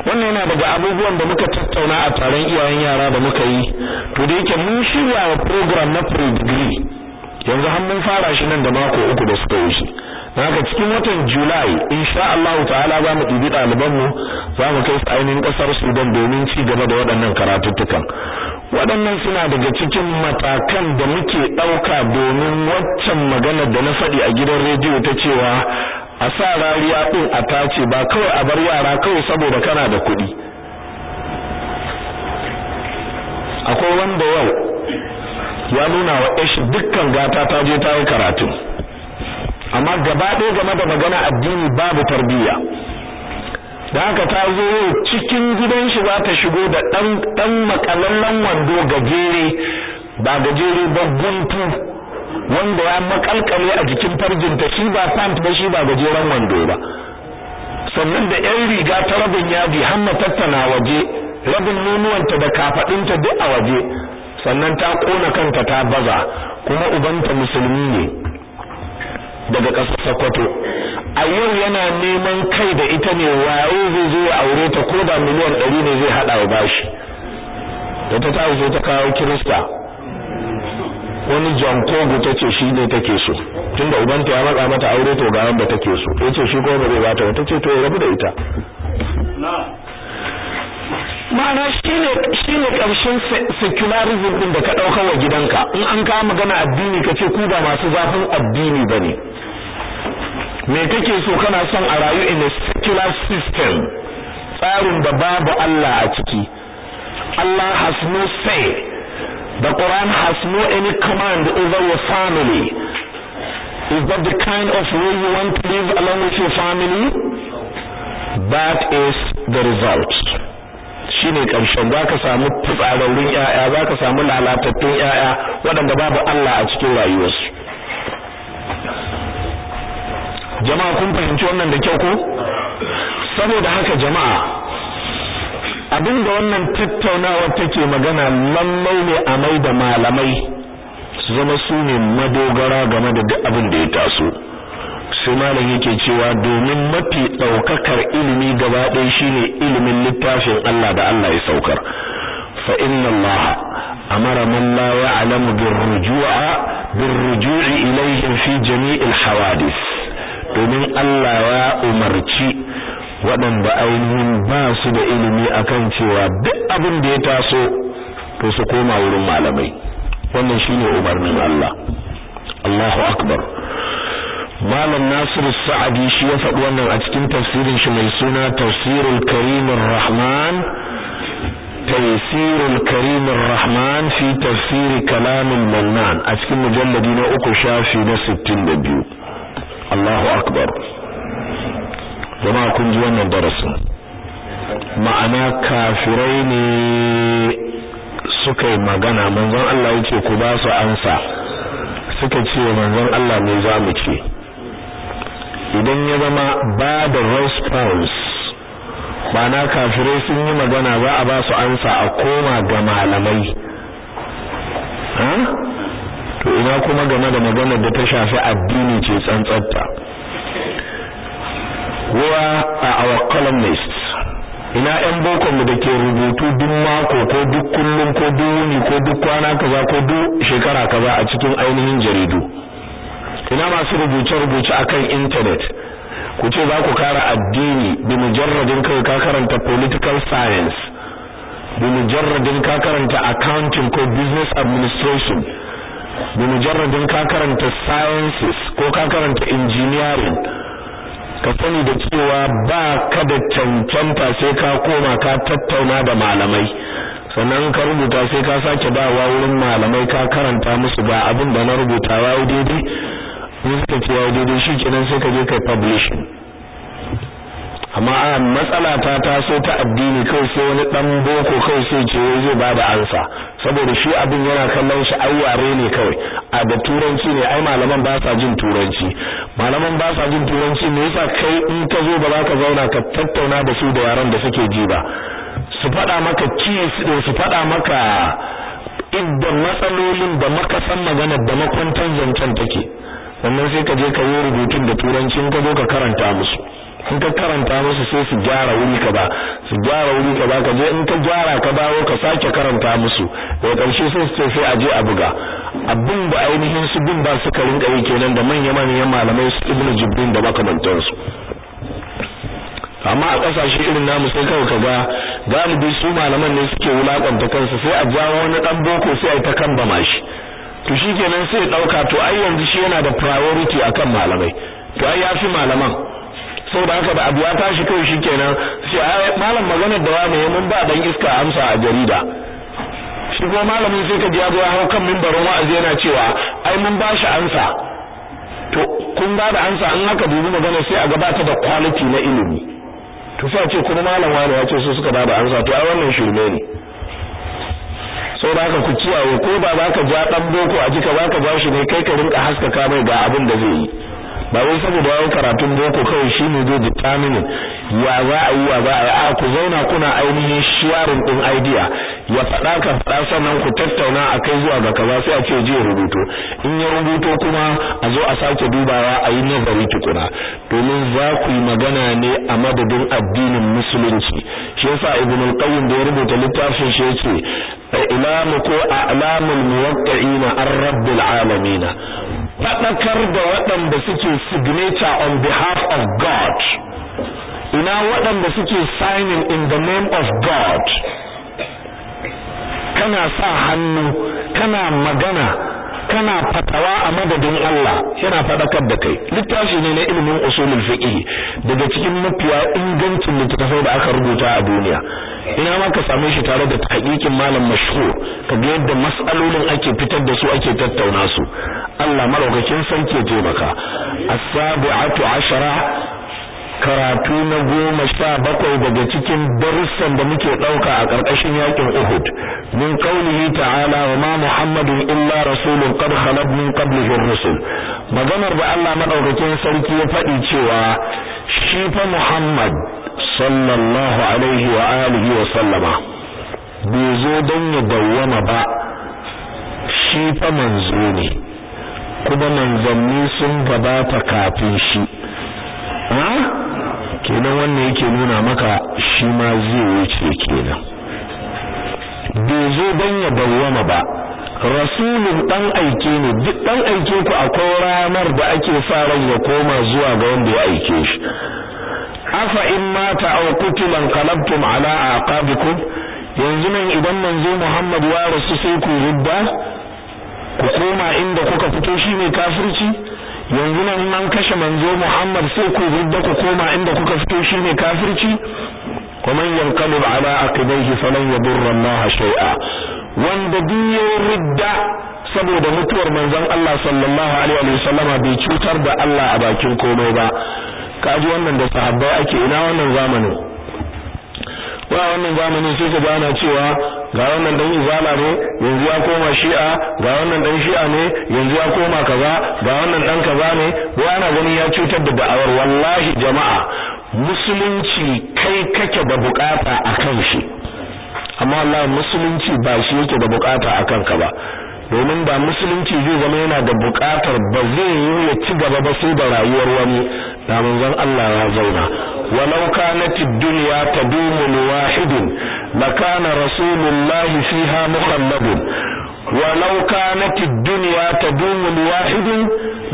wannan yana daga abubuwan da muka tattauna a taron iyayen yara da muka yi to da yake mun shirya wa program na pre-degree yanzu har mun fara shi nan da mako uku da suka wuce haka cikin watan Julai insha Allah ta'ala za mu ɗibi ɗaliban mu za mu kai su ainihin ƙasar Sudan domin ci gaba da waɗannan karatuttukan waɗannan suna daga cikin matakan da muke ɗauka domin waccan maganar da na faɗi a gidan rediyo ta cewa a sa rariya ɗin a tace ba kawai a bar yara kawai saboda kana da kuɗi akwai wanda yau ya nuna wa ishi dukkan gata ta je ta yi karatu amma gaba ɗaya game da magana addini babu tarbiyya da haka ta zo cikin gidan shi za ta shigo da ɗan ɗan makalallen wando gajere ba gajere ba guntu wanda ya makalkale a jikin farjin ta shi ba sant ba shi ba gajeren wando ba sannan da yan riga ta rabin yadi hamma tattana waje rabin nonuwanta da kafaɗinta duk a waje sannan ta ƙona kanta ta baza kuma ubanta musulmi ne daga ƙasar Sokoto a yau yana neman kai da ita ne waye zai zo ya aure ta ko da miliyan ɗari ne zai haɗa wa bashi da ta ta zo ta kawo Kirista wani John Kogu ta ce shi ne take so Tun tunda ubanta ya matsa mata aure to ga wanda take so ya ce shi ko ba zai bata ba ta ce to ya rabu da ita ma'ana shi ne ƙarshen secularism ɗin da ka ɗaukar wa gidanka in an kawo magana addini ka ce ku ba masu zafin addini ba ne me kake so kana son a rayu in a secular system tsarin da babu Allah a ciki Allah has no say the Quran has no any command over your family is that the kind of way you want to live along with your family that is the result Shi ne ƙarshen za ka samu tsararrun 'ya'ya za ka samu lalatattun 'ya'ya waɗanda babu Allah a cikin rayuwarsu jama'a kun fahimci wannan da kyau ko saboda haka jama'a abinda da wannan tattaunawa take magana lallai ne a mai da malamai su zama su ne madogara game da duk abin da ya taso sai malam yake cewa domin mafi ɗaukakar ilimi gaba ɗaya shine ilimin littafin Allah da Allah ya saukar fa inna Allah amara man la ya'lamu bir ruju'a bir ruju'i ilayhi fi jami'il hawadith domin Allah ya umarci waɗanda ainihin ba su da ilimi akan cewa duk abin da ya taso to su koma wurin malamai wannan shine umarnin Allah Allahu akbar Malam Nasir Sa'adi shi ya faɗi wannan a cikin tafsirin shi mai suna Tafsirul Karimur Rahman تيسير الكريم الرحمن في تفسير كلام المنان أتكلم مجلدين أكو شافي نسب تندبيو Allahu akbar jama'a kun ji wannan darasin ma'ana kafirai ne suka yi magana manzon Allah yake ku ba su ansa suka ce manzon Allah me za mu ce idan ya zama ba da response ma'ana kafirai sun yi magana za a ba su ansa a koma ga malamai to ina kuma game da maganar da ta shafi addini ce tsantsanta wa a our columnist ina yan bokon mu da ke rubutu duk mako ko duk kullum ko duk wuni ko duk kwana kaza ko duk shekara kaza a cikin ainihin jaridu ina masu rubuce rubuce akan internet ku ce za ku kara addini bi mujarradin kai ka karanta political science bi mujarradin ka karanta accounting ko business administration da mujarradin ka karanta sciences ko ka karanta engineering ka sani da cewa ba ka da cancanta sai ka koma ka tattauna da malamai sannan ka rubuta sai ka sake bawa wurin malamai ka karanta musu ba abin da na rubuta wa daidai ne suka ce wa daidai shi kenan sai ka je kai publishing amma a matsala ta taso ta addini kai sai wani dan boko kai sai ce wai zai bada ansa saboda shi abin yana kallon shi ai ne kawai a da turanci ne ai malaman ba sa jin turanci malaman ba sa jin turanci me yasa kai in ka zo ba za ka zauna ka tattauna da su da yaran da suke ji ba su faɗa maka su da su faɗa maka idda matsalolin da maka san maganar da makwantar zancen take wannan sai ka je ka yi rubutun da turancin ka zo ka karanta musu in ka karanta musu sai su gyara wuri ka ba su gyara wuri ka ba ka je in ka gyara ka dawo ka sake karanta musu daga ƙarshe sai su ce sai a je a buga abin da ainihin su bin ba suka rinka yi kenan da manya manyan malamai su ibn jibrin da makamantansu amma a kasashe irin namu sai kawai ka ga galibi su malaman ne suke wulakanta kansu sai a jawo wani dan boko sai a yi ta kan ba shi to shikenan sai ya dauka to ai yanzu shi yana da priority akan malamai to ai ya fi malaman sau da haka da abu ya tashi kai kenan sai malam maganar da wani mun ba dan iska amsa a jarida shi kuma malamin sai ka jiya ya zo hau kan mimbarin wa'azi yana cewa ai mun ba shi amsa to kun ba da amsa an haka dubi magana sai a gabata da kwaliti na ilimi to sai a ce kuma malam wani ya ce su suka ba da amsa to ai wannan shirme ne da haka ku ciyaye ko ba za ka ja dan boko a jika za ka ja shi ne kai ka rinka haskaka mai ga abin da zai yi ba wai saboda yayin karatun boko kawai shine ne zai determine ya za a yi wa za a yi a ku zauna kuna ainihin shiwarin din idea ya faɗa ka faɗa sannan ku tattauna a kai zuwa ga kaza sai a ce je rubuto in ya rubuto kuma a zo a sake dubawa a yi nazari tukuna domin za ku yi magana ne a madadin addinin musulunci shi yasa ibn al-qayyim da ya rubuta littafin shi yace ilamu ko a'lamul muwaqqi'ina ar-rabbil alamin faɗakar da waɗanda suke signature on behalf of God ina waɗanda suke signing in the name of God kana sa hannu kana magana kana fatawa a madadin Allah yana fadakar da kai littafi ne na ilimin usulul fiqh daga cikin mafiya ingancin littafai da aka rubuta a duniya ina ma ka same shi tare da hakikin malam mashhur kaga yadda mas'alolin ake fitar da su ake tattauna su Allah maraukakin san ke taimaka as-sabi'atu ashara karatu na goma sha bakwai daga cikin darussan da muke ɗauka a ƙarƙashin yakin Uhud min qaulihi ta'ala wa ma muhammadu illa rasulun qad khalat min qablihi rusul maganar da Allah madaukakin sarki ya faɗi cewa shi fa Muhammad sallallahu alaihi wa alihi wa sallama bai zo don ya dawwama ba shi fa manzo ne kuma manzanni sun gabata kafin shi kenan wannan yake nuna maka shi ma zai wuce kenan bai zo don ya dawwama ba rasulun dan aike ne duk dan aike ku akwai ranar da ake sa ran ya koma zuwa ga wanda ya aike shi afa in mata aw qutilan qalabtum ala aqabikum yanzu nan idan manzo Muhammad ya rasu sai ku rubba ku koma inda kuka fito shine kafirci yanzu nan man kashe manzo Muhammad sai ku ridda ku koma inda kuka fito shine kafirci ومن ala على عقبيه فلن yadurra Allah shay'a wanda duk ridda saboda mutuwar manzon Allah sallallahu alaihi wa sallam bai cutar da Allah a bakin komai ba kaji wannan da sahabbai ake ina wannan zamanin wa wannan zamani sai ka gana cewa ga wannan dan izala ne yanzu ya koma shi'a ga wannan dan shi'a ne yanzu ya koma kaza ga wannan dan kaza ne wa ana gani ya cutar da da'awar wallahi jama'a musulunci kai kake da bukata akan shi amma Allah musulunci ba shi yake da bukata akan ka ba domin ba musulunci zai zama yana da buƙatar ba zai yi ya ci gaba ba sai da rayuwar wani da manzon Allah ya zauna walau kanat ad-dunya tadumu liwahidin lakana rasulullahi fiha mukhalladun walau kanat dunya tadumu liwahidin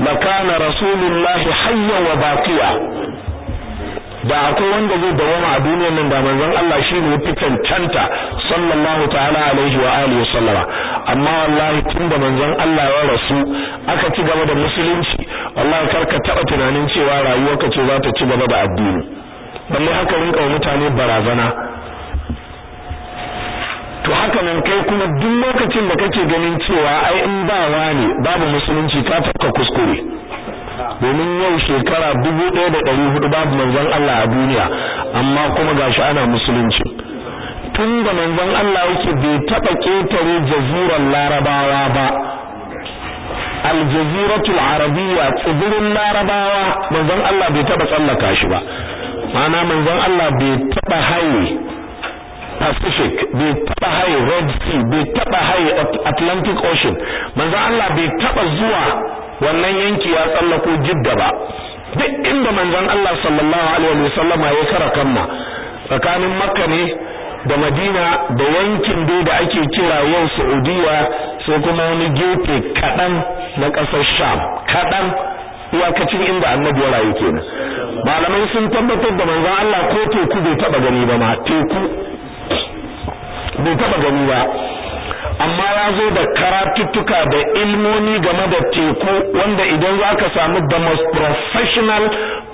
lakana rasulullahi hayyan wa baqiya da akwai wanda zai dawama a duniyar nan da manzon Allah shine ya fi cancanta sallallahu ta'ala alaihi wa alihi sallama amma wallahi tunda manzon Allah ya rasu aka ci gaba da musulunci wallahi karka taba tunanin cewa rayuwarka ce za ta ci gaba da addini balle haka rinka mutane barazana to haka nan kai kuma duk lokacin da kake ganin cewa ai in ba wani babu musulunci ka tafka kuskure domin yau shekara dubu ɗaya da ɗari hudu babu manzon Allah a duniya amma kuma gashi ana musulunci tun da manzon Allah yake bai taɓa ƙetare jazirar larabawa ba aljaziratul arabiyya tsibirin larabawa manzon Allah bai taɓa tsallaka shi ba ma'ana manzon Allah bai taɓa haye pacific bai taba haye red sea bai taba haye atlantic ocean manzo Allah bai taba zuwa wannan yanki ya tsallako jidda ba duk inda manzon Allah sallallahu alaihi wasallam ya kara kanna tsakanin makka ne da madina da yankin dai da ake kira yau saudiya sai kuma wani gefe kaɗan na ƙasar sham kaɗan iyakacin inda annabi ya rayu kenan malamai sun tabbatar da manzon Allah ko teku bai taɓa gani ba ma teku bai taba gani ba amma ya zo da karatuttuka da ilmoni game da teku wanda idan za ka samu the most professional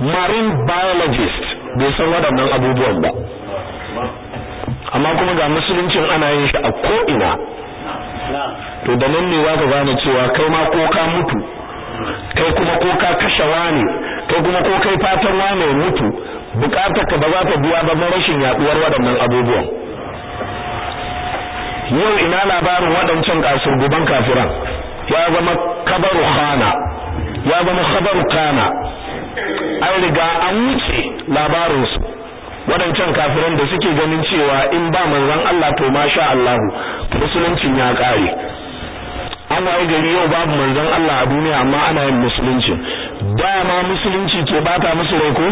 marine biologist bai san waɗannan abubuwan ba amma kuma ga musuluncin ana yin shi a ko'ina to da nan ne za ka gane cewa kai ma ko ka mutu kai kuma ko ka kashe wane kai kuma ko kai fatan wane mutu bukatar ka ba za ta biya ba rashin yaduwar waɗannan abubuwan yau ina labarin waɗancan guban kafiran ya zama kabaru khana ya zama kabaru kana an riga an wuce labarinsu waɗancan kafiran da suke ganin cewa in ba manzan Allah to masha Allahu musuluncin ya kare. an waye gari yau babu manzan Allah a duniya amma ana yin musulunci ma musulunci ke bata musu rai ko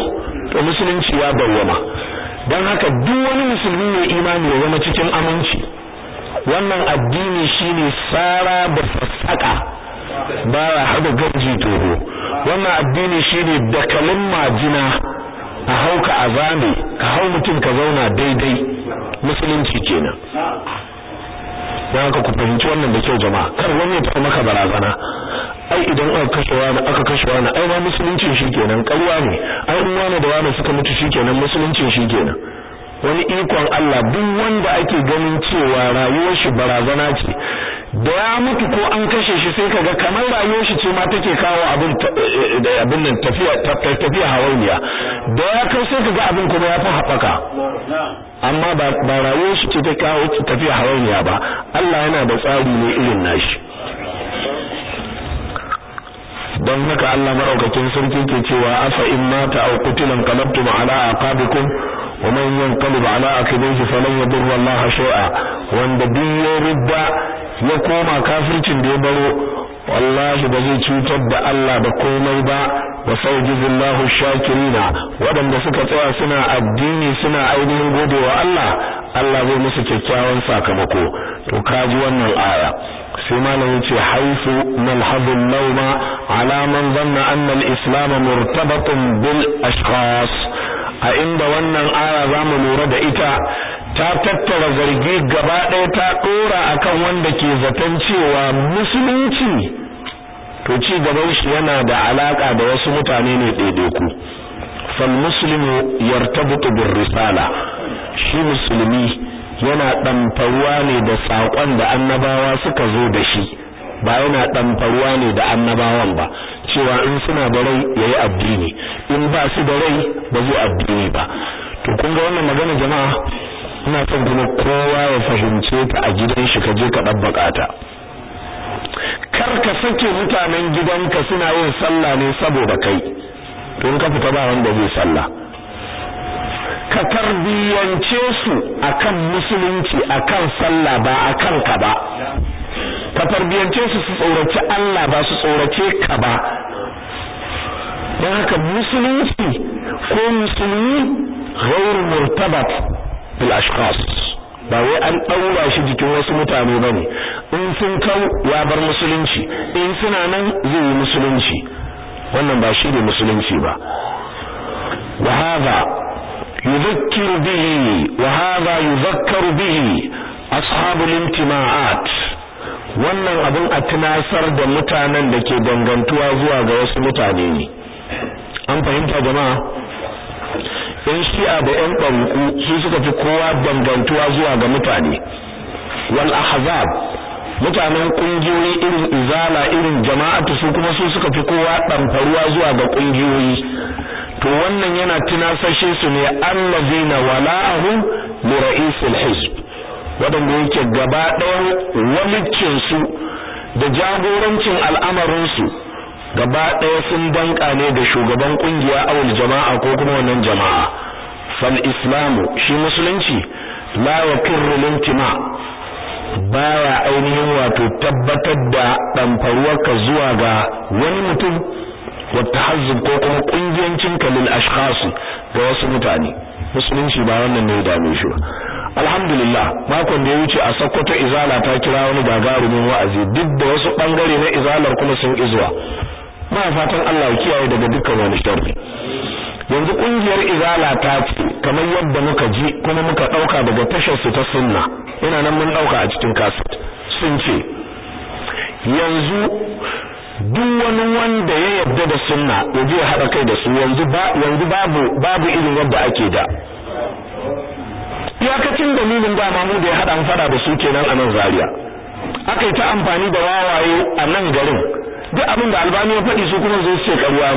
to musulunci ya bayyana don haka duk wani musulmi mai imani ya zama cikin aminci wannan addini shine sara da fasaka ba ya haɗa garji toho wannan addini shine dakalin majina a hauka a zane ka hau mutum ka zauna daidai musulunci kenan don haka ku fahimci wannan da kyau jama'a kar wani ya tafi maka barazana ai idan aka kashe wani aka kashe wani ai ma musuluncin shi kenan ƙarya ne ai uwa ne da wani suka mutu shi kenan musuluncin shi kenan wani ikon Allah duk wanda ake ganin cewa rayuwar shi barazana ce da ya mutu ko an kashe shi sai kaga kamar rayuwar shi ce ma take kawo abin eh, eh, abin nan tafiya tafiya hawaiya da ya kai sai kaga abin kuma ya fi haɓaka amma ba rayuwar shi ce ta kawo tafiya hawaiya ba Allah yana da tsari ne irin nashi don haka Allah madaukakin sarki ke cewa afa in mata aw qutila qalabtum ala aqabikum wa man yanqalib ala aqibihi falan yadurra Allah shay'a wanda duk ya rubba ya koma kafircin da ya baro wallahi ba zai cutar da Allah da komai ba wa saujizillahu shakirina waɗanda suka tsaya suna addini suna ainihin godewa Allah Allah zai musu kyakkyawan sakamako to kaji wannan aya sai malamin ce haifu nalhadun nauma ala zanna anna islam murtabatun bil ashkhas a inda wannan aya zamu lura da ita ta tattara zargi gaba ɗaya ta ɗora akan wanda ke zaton cewa musulunci to ci gaban shi yana da alaka da wasu mutane ne ɗaiɗaiku fal muslimu yartabutu bir risala shi musulmi yana ɗamfaruwa ne da saƙon da annabawa suka zo da shi ba yana ɗamfaruwa ne da annabawan ba cewa in suna da rai ya yi addini in ba su da rai ba zai addini ba to kun ga wannan magana jama'a ina son kuma kowa ya fahimce ta a gidan shi ka je ka ɗan buƙata kar ka sake mutanen gidanka suna yin sallah ne saboda kai to in ka fita ba wanda zai sallah ka tarbiyance su akan musulunci akan sallah ba akan ka ba ka tarbiyance su su tsoraci Allah ba su tsorace ka ba don haka musulunci ko musulmi ghair murtabat bil ashqas ba wai an daura shi jikin wasu mutane bane in sun kau ya bar musulunci in suna nan zai yi musulunci wannan ba shi ne musulunci ba wa hada يذكر به وهذا يذكر به أصحاب الانتماعات wannan abin a tunasar da mutanen da ke dangantuwa zuwa ga wasu mutane ne an fahimta jama'a yan shi'a da yan ɓanku su suka fi kowa dangantuwa zuwa ga mutane wal ahzab mutanen ƙungiyoyi irin izala irin jama'atu su kuma su suka fi kowa ɗamfaruwa zuwa ga ƙungiyoyi to wannan yana tunasashe su ne allazina wala'ahum li ra'isil hizb wadanda yake gaba ɗayan walicin su da jagorancin al'amarin su gaba ɗaya sun danka ne da shugaban kungiya awul jama'a ko kuma wannan jama'a fal islamu shi musulunci la yakirru lintima baya ainihin wato tabbatar da ɗamfaruwarka zuwa ga wani mutum wa tahazzub ko kuma kungiyancin ka lil ashkhas ga wasu mutane musulunci ba wannan ne da shi ba alhamdulillah makon da ya wuce a Sakkwato izala ta kira wani gagarumin wa'azi duk da wasu bangare na izalar kuma sun izuwa ba fatan Allah ya kiyaye daga dukkan wani sharri yanzu kungiyar izala ta ce kamar yadda muka ji kuma muka dauka daga tashar su ta sunna ina nan mun dauka a cikin kaset sun ce yanzu duk wani wanda ya yarda da sunna ya je hada kai da su yanzu yanzu babu babu irin wanda ake da iyakacin dalilin da mamu da ya haɗa an fada da su kenan a nan Zaria aka yi ta amfani da wawaye a nan garin duk abin da albani ya faɗi su kuma zai ce karuwa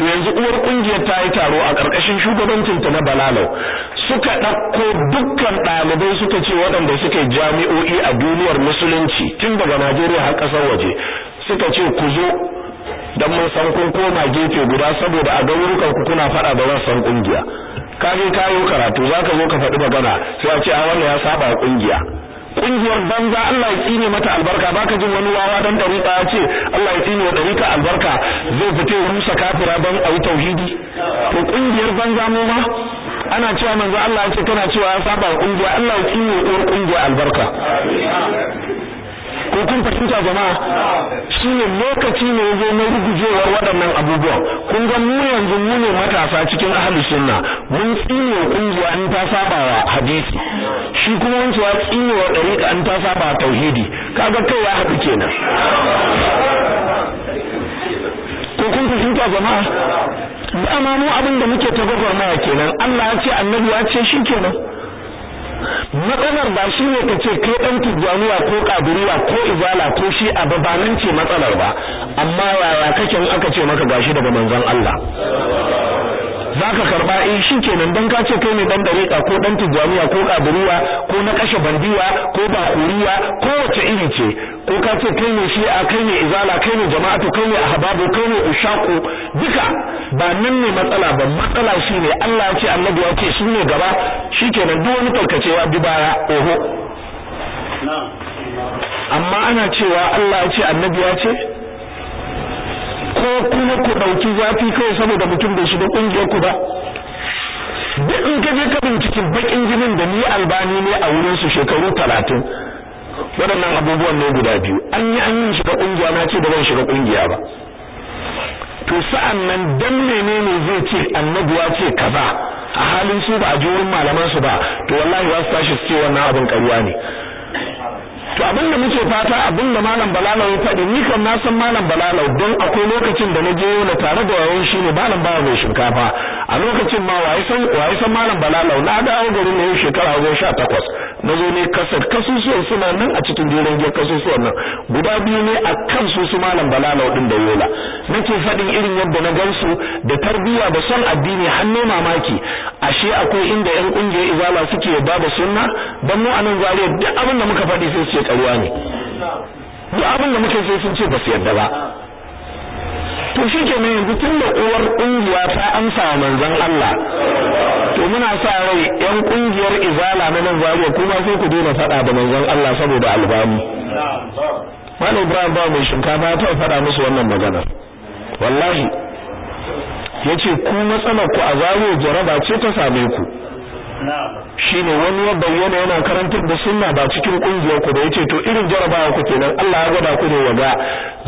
ne yanzu uwar kungiyar ta yi taro a ƙarƙashin shugabancin ta na Balalau suka ɗauko dukkan ɗalibai suka ce waɗanda suke jami'o'i a duniyar musulunci tun daga Najeriya har ƙasar waje suka ce ku zo dan mun san kun koma gefe guda saboda a garurukan ku kuna fada da wasan kungiya ka je kayo karatu za ka zo ka faɗi magana sai a ce a wannan ya saba kungiya kungiyar banza Allah ya tsine mata albarka baka jin wani wawa dan dariƙa ya ce Allah ya tsine ka albarka zai fite rusa kafira ban ayi tauhidi to kungiyar banza mu ma ana cewa manzo Allah ya ce kana cewa ya saba kungiya Allah ya tsine uwar kungiya albarka ko kun fahimta jama'a shine lokaci ne yazo na rugujewar waɗannan abubuwan kun ga mu yanzu mu ne matasa cikin ahlus sunna mun tsine kungiya an ta saba wa hadisi shi kuma wancan ya tsine wa dariqa an ta saba tauhidi kaga kai ya haɗu kenan ko kun fahimta jama'a dama mu abin da muke ta gwagwarmaya kenan Allah ya ce annabi ya ce shi kenan matsalar ba shi ne ka ce kai ɗan tijjaniya ko ƙaduriya ko izala ko shi a ba ce matsalar ba amma yaya kake aka ce maka gashi daga manzon Allah za ka karba eh shi kenan don kace kai ne ɗan dariƙa ko ɗan tijjaniya ko ƙaburuwa ko na kashe bandiwa ko kuriya ko wace iri ce ko ka ce kai ne a kai ne izala kai ne jama'atu kai ne ahbabu kai ne ushaku duka ba nan ne matsala ba matsala shi ne Allah ya ce annabi ya ce shi ne gaba shi kenan duk wani tarkacewa bi baya oho amma ana cewa Allah ya ce annabi ya ce ko kuma ku ɗauki zafi kawai saboda mutum bai shiga ƙungiyar ku ba duk in ka je ka binciki baƙin jinin da ni albani ne a wurin su shekaru talatin waɗannan abubuwan ne guda biyu an yi an yi shiga ƙungiya na ce da ban shiga ƙungiya ba to sa'an nan dan menene zai ce annabi ya ce kaza a halin su ba a ji wurin malaman su ba to wallahi wasu su tashi su ce wannan abin ƙarya ne to abin da muke fata abin da malam balalau ya faɗi ni kan na san malam balalau don akwai lokacin da na je na tare da wayo shi ne malam bawa mai shinkafa a lokacin ma wayi san wayi san malam balalau na dawo garin ne shekara goma sha takwas na zo ne kasar kasusuwan suna nan a cikin jerin giyar kasusuwan nan guda biyu ne a kan su su malam balalau din da yola nake faɗin irin yadda na gansu da tarbiyya da son addini hannu mamaki ashe akwai inda yan ƙungiyar izala suke ba da sunna dan mu a nan zariya duk abin da muka faɗi sai su ce ƙarya ne duk abin da muke sai sun ce ba su yarda ba to shi ke nan yanzu tun da uwar ƙungiya ta amsa wa manzon Allah to muna sa rai yan ƙungiyar izala na nan zariya kuma sai ku daina faɗa da manzan Allah saboda albani Malam Ibrahim ba mai shinkafa ta faɗa musu wannan magana wallahi yace ku matsalar ku a zariya jaraba ce ta same ku Shi ne wani ya bayyana yana karantar da sunna ba cikin kungiyar ku da ce to irin jarabawa ku kenan Allah ya gwada ku ne yaga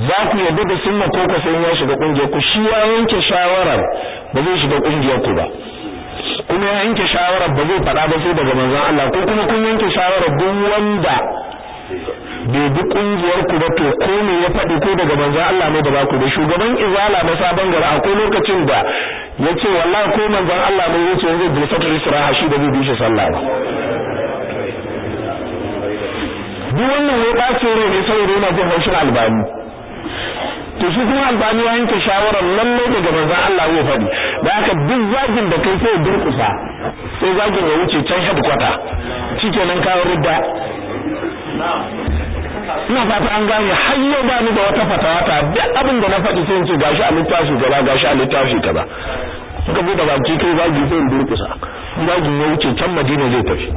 za ku yarda da sunna ko ka sai ya shiga kungiyar ku shi ya yanke shawarar ba zai shiga kungiyar ku ba kuma ya yanke shawarar ba zai faɗa ba sai daga manzon Allah ko kuma kun yanke shawarar duk wanda bai bi kungiyar ku ba to ko ne ya faɗi ko daga manzon Allah ne da ba ku da shugaban izala na sabon gari akwai lokacin da yace wallahi ko manzon Allah ne yace yanzu bi fatr israha shi da bai bi shi sallah ba duk wannan ya ɓacin rai ne saboda yana jin haushin albani to shi kuma albani ya yanke shawarar lallai daga manzon Allah ya faɗi da haka duk zagin da kai sai kusa sai zagin ya wuce can headquarter shikenan kawo rudda ina fata an gane har yau ba ni da wata fatawa ta duk abin da na faɗi sai in ce gashi a littafi gaba gashi a littafi kaza suka buɗe baki kai zagi sai in durƙusa zagin ya wuce can madina zai tafi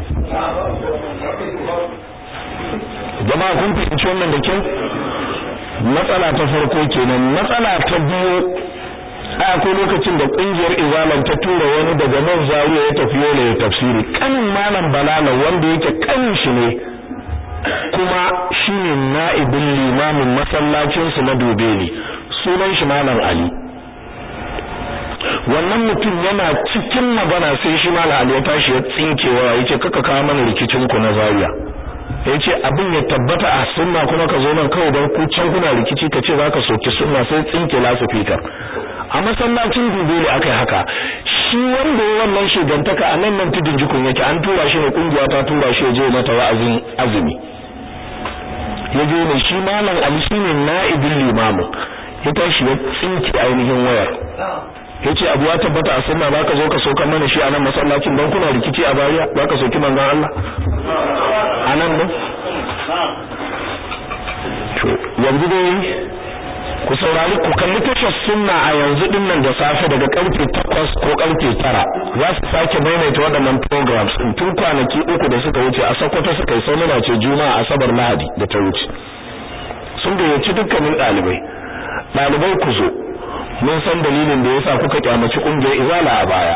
jama'a kun fahimci wannan da kyau matsala ta farko kenan matsala ta biyu a akwai lokacin da kungiyar izalan ta tura wani daga nan zaruwa ya tafi yola ya tafsiri kanin malam balala wanda yake kanin shi ne kuma shine na'ibin limamin masallacin su na ne sunan shi malam Ali wannan mutum yana cikin magana sai shi malam Ali ya tashi ya tsinkewa yace kaka kawo mana rikicin ku na Zaria yace abin ya tabbata a sunna kuma ka zo nan kawai dan ku can kuna rikici kace zaka soki sunna sai tsinke lasufikar a masallacin ne akai haka shi wanda ya wannan shugantaka a nan nan tudun jikun yake an tura shi ne kungiya ta tura shi ya je mata wa'azin azumi ya je ne shi malam ali shine na'ibin limamin ya tashi ya tsinci ainihin wayar yace abu ya tabbata a sunna baka zo ka soka mana shi a nan masallacin dan kuna rikici a bariya baka soki manzon Allah anan ne yanzu dai ku saurari ku kalli tashar sunna a yanzu din nan da safe daga karfe 8 ko karfe 9 za su sake maimaita waɗannan programs in tun kwanaki uku da suka wuce a Sokoto suka yi sauna ce Juma'a Asabar Lahadi da ta wuce sun gayyaci dukkanin ɗalibai ɗalibai ku zo mun san dalilin da yasa kuka kyamaci ƙungiyar Izala a baya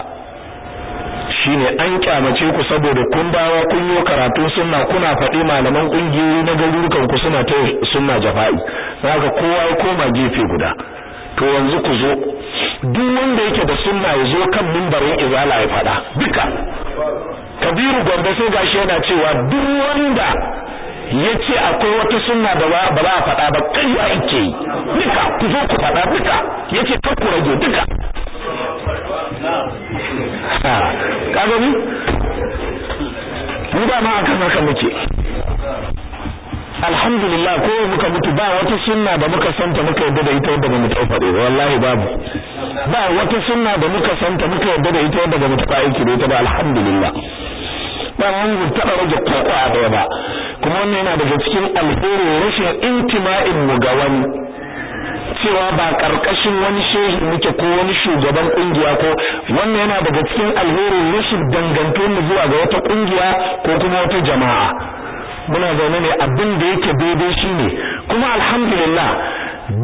shine an kyamace ku saboda kun dawo kun yi karatu sunna kuna faɗi malaman ƙungiyoyi na garurukan ku suna ta sunna jafa'i haka kowa ya koma gefe guda to yanzu ku zo duk wanda yake da sunna ya zo kan mimbarin izala ya faɗa duka kabiru gombe sai gashi yana cewa duk wanda ya ce akwai wata sunna da ba za a faɗa ba kai ya ake yi duka ku zo ku faɗa duka ya ce ku rage duka ka mu da ma akan haka muke alhamdulillah ko muka mutu ba wata sunna da muka santa muka yadda da ita daga ba mu taɓa ba wallahi babu ba wata sunna da muka santa muka yadda da ita wadda ba mu taɓa aiki da ita ba alhamdulillah ba mun taɓa rage kwakwa a ba kuma wannan yana daga cikin alheri rashin intima'in mu ga wani cewa ba karkashin wani shehi muke ko wani shugaban kungiya ko wannan yana daga cikin alherin rashin dangantuwar mu zuwa ga wata kungiya ko kuma wata jama'a muna zaune ne abin da yake daidai shine kuma alhamdulillah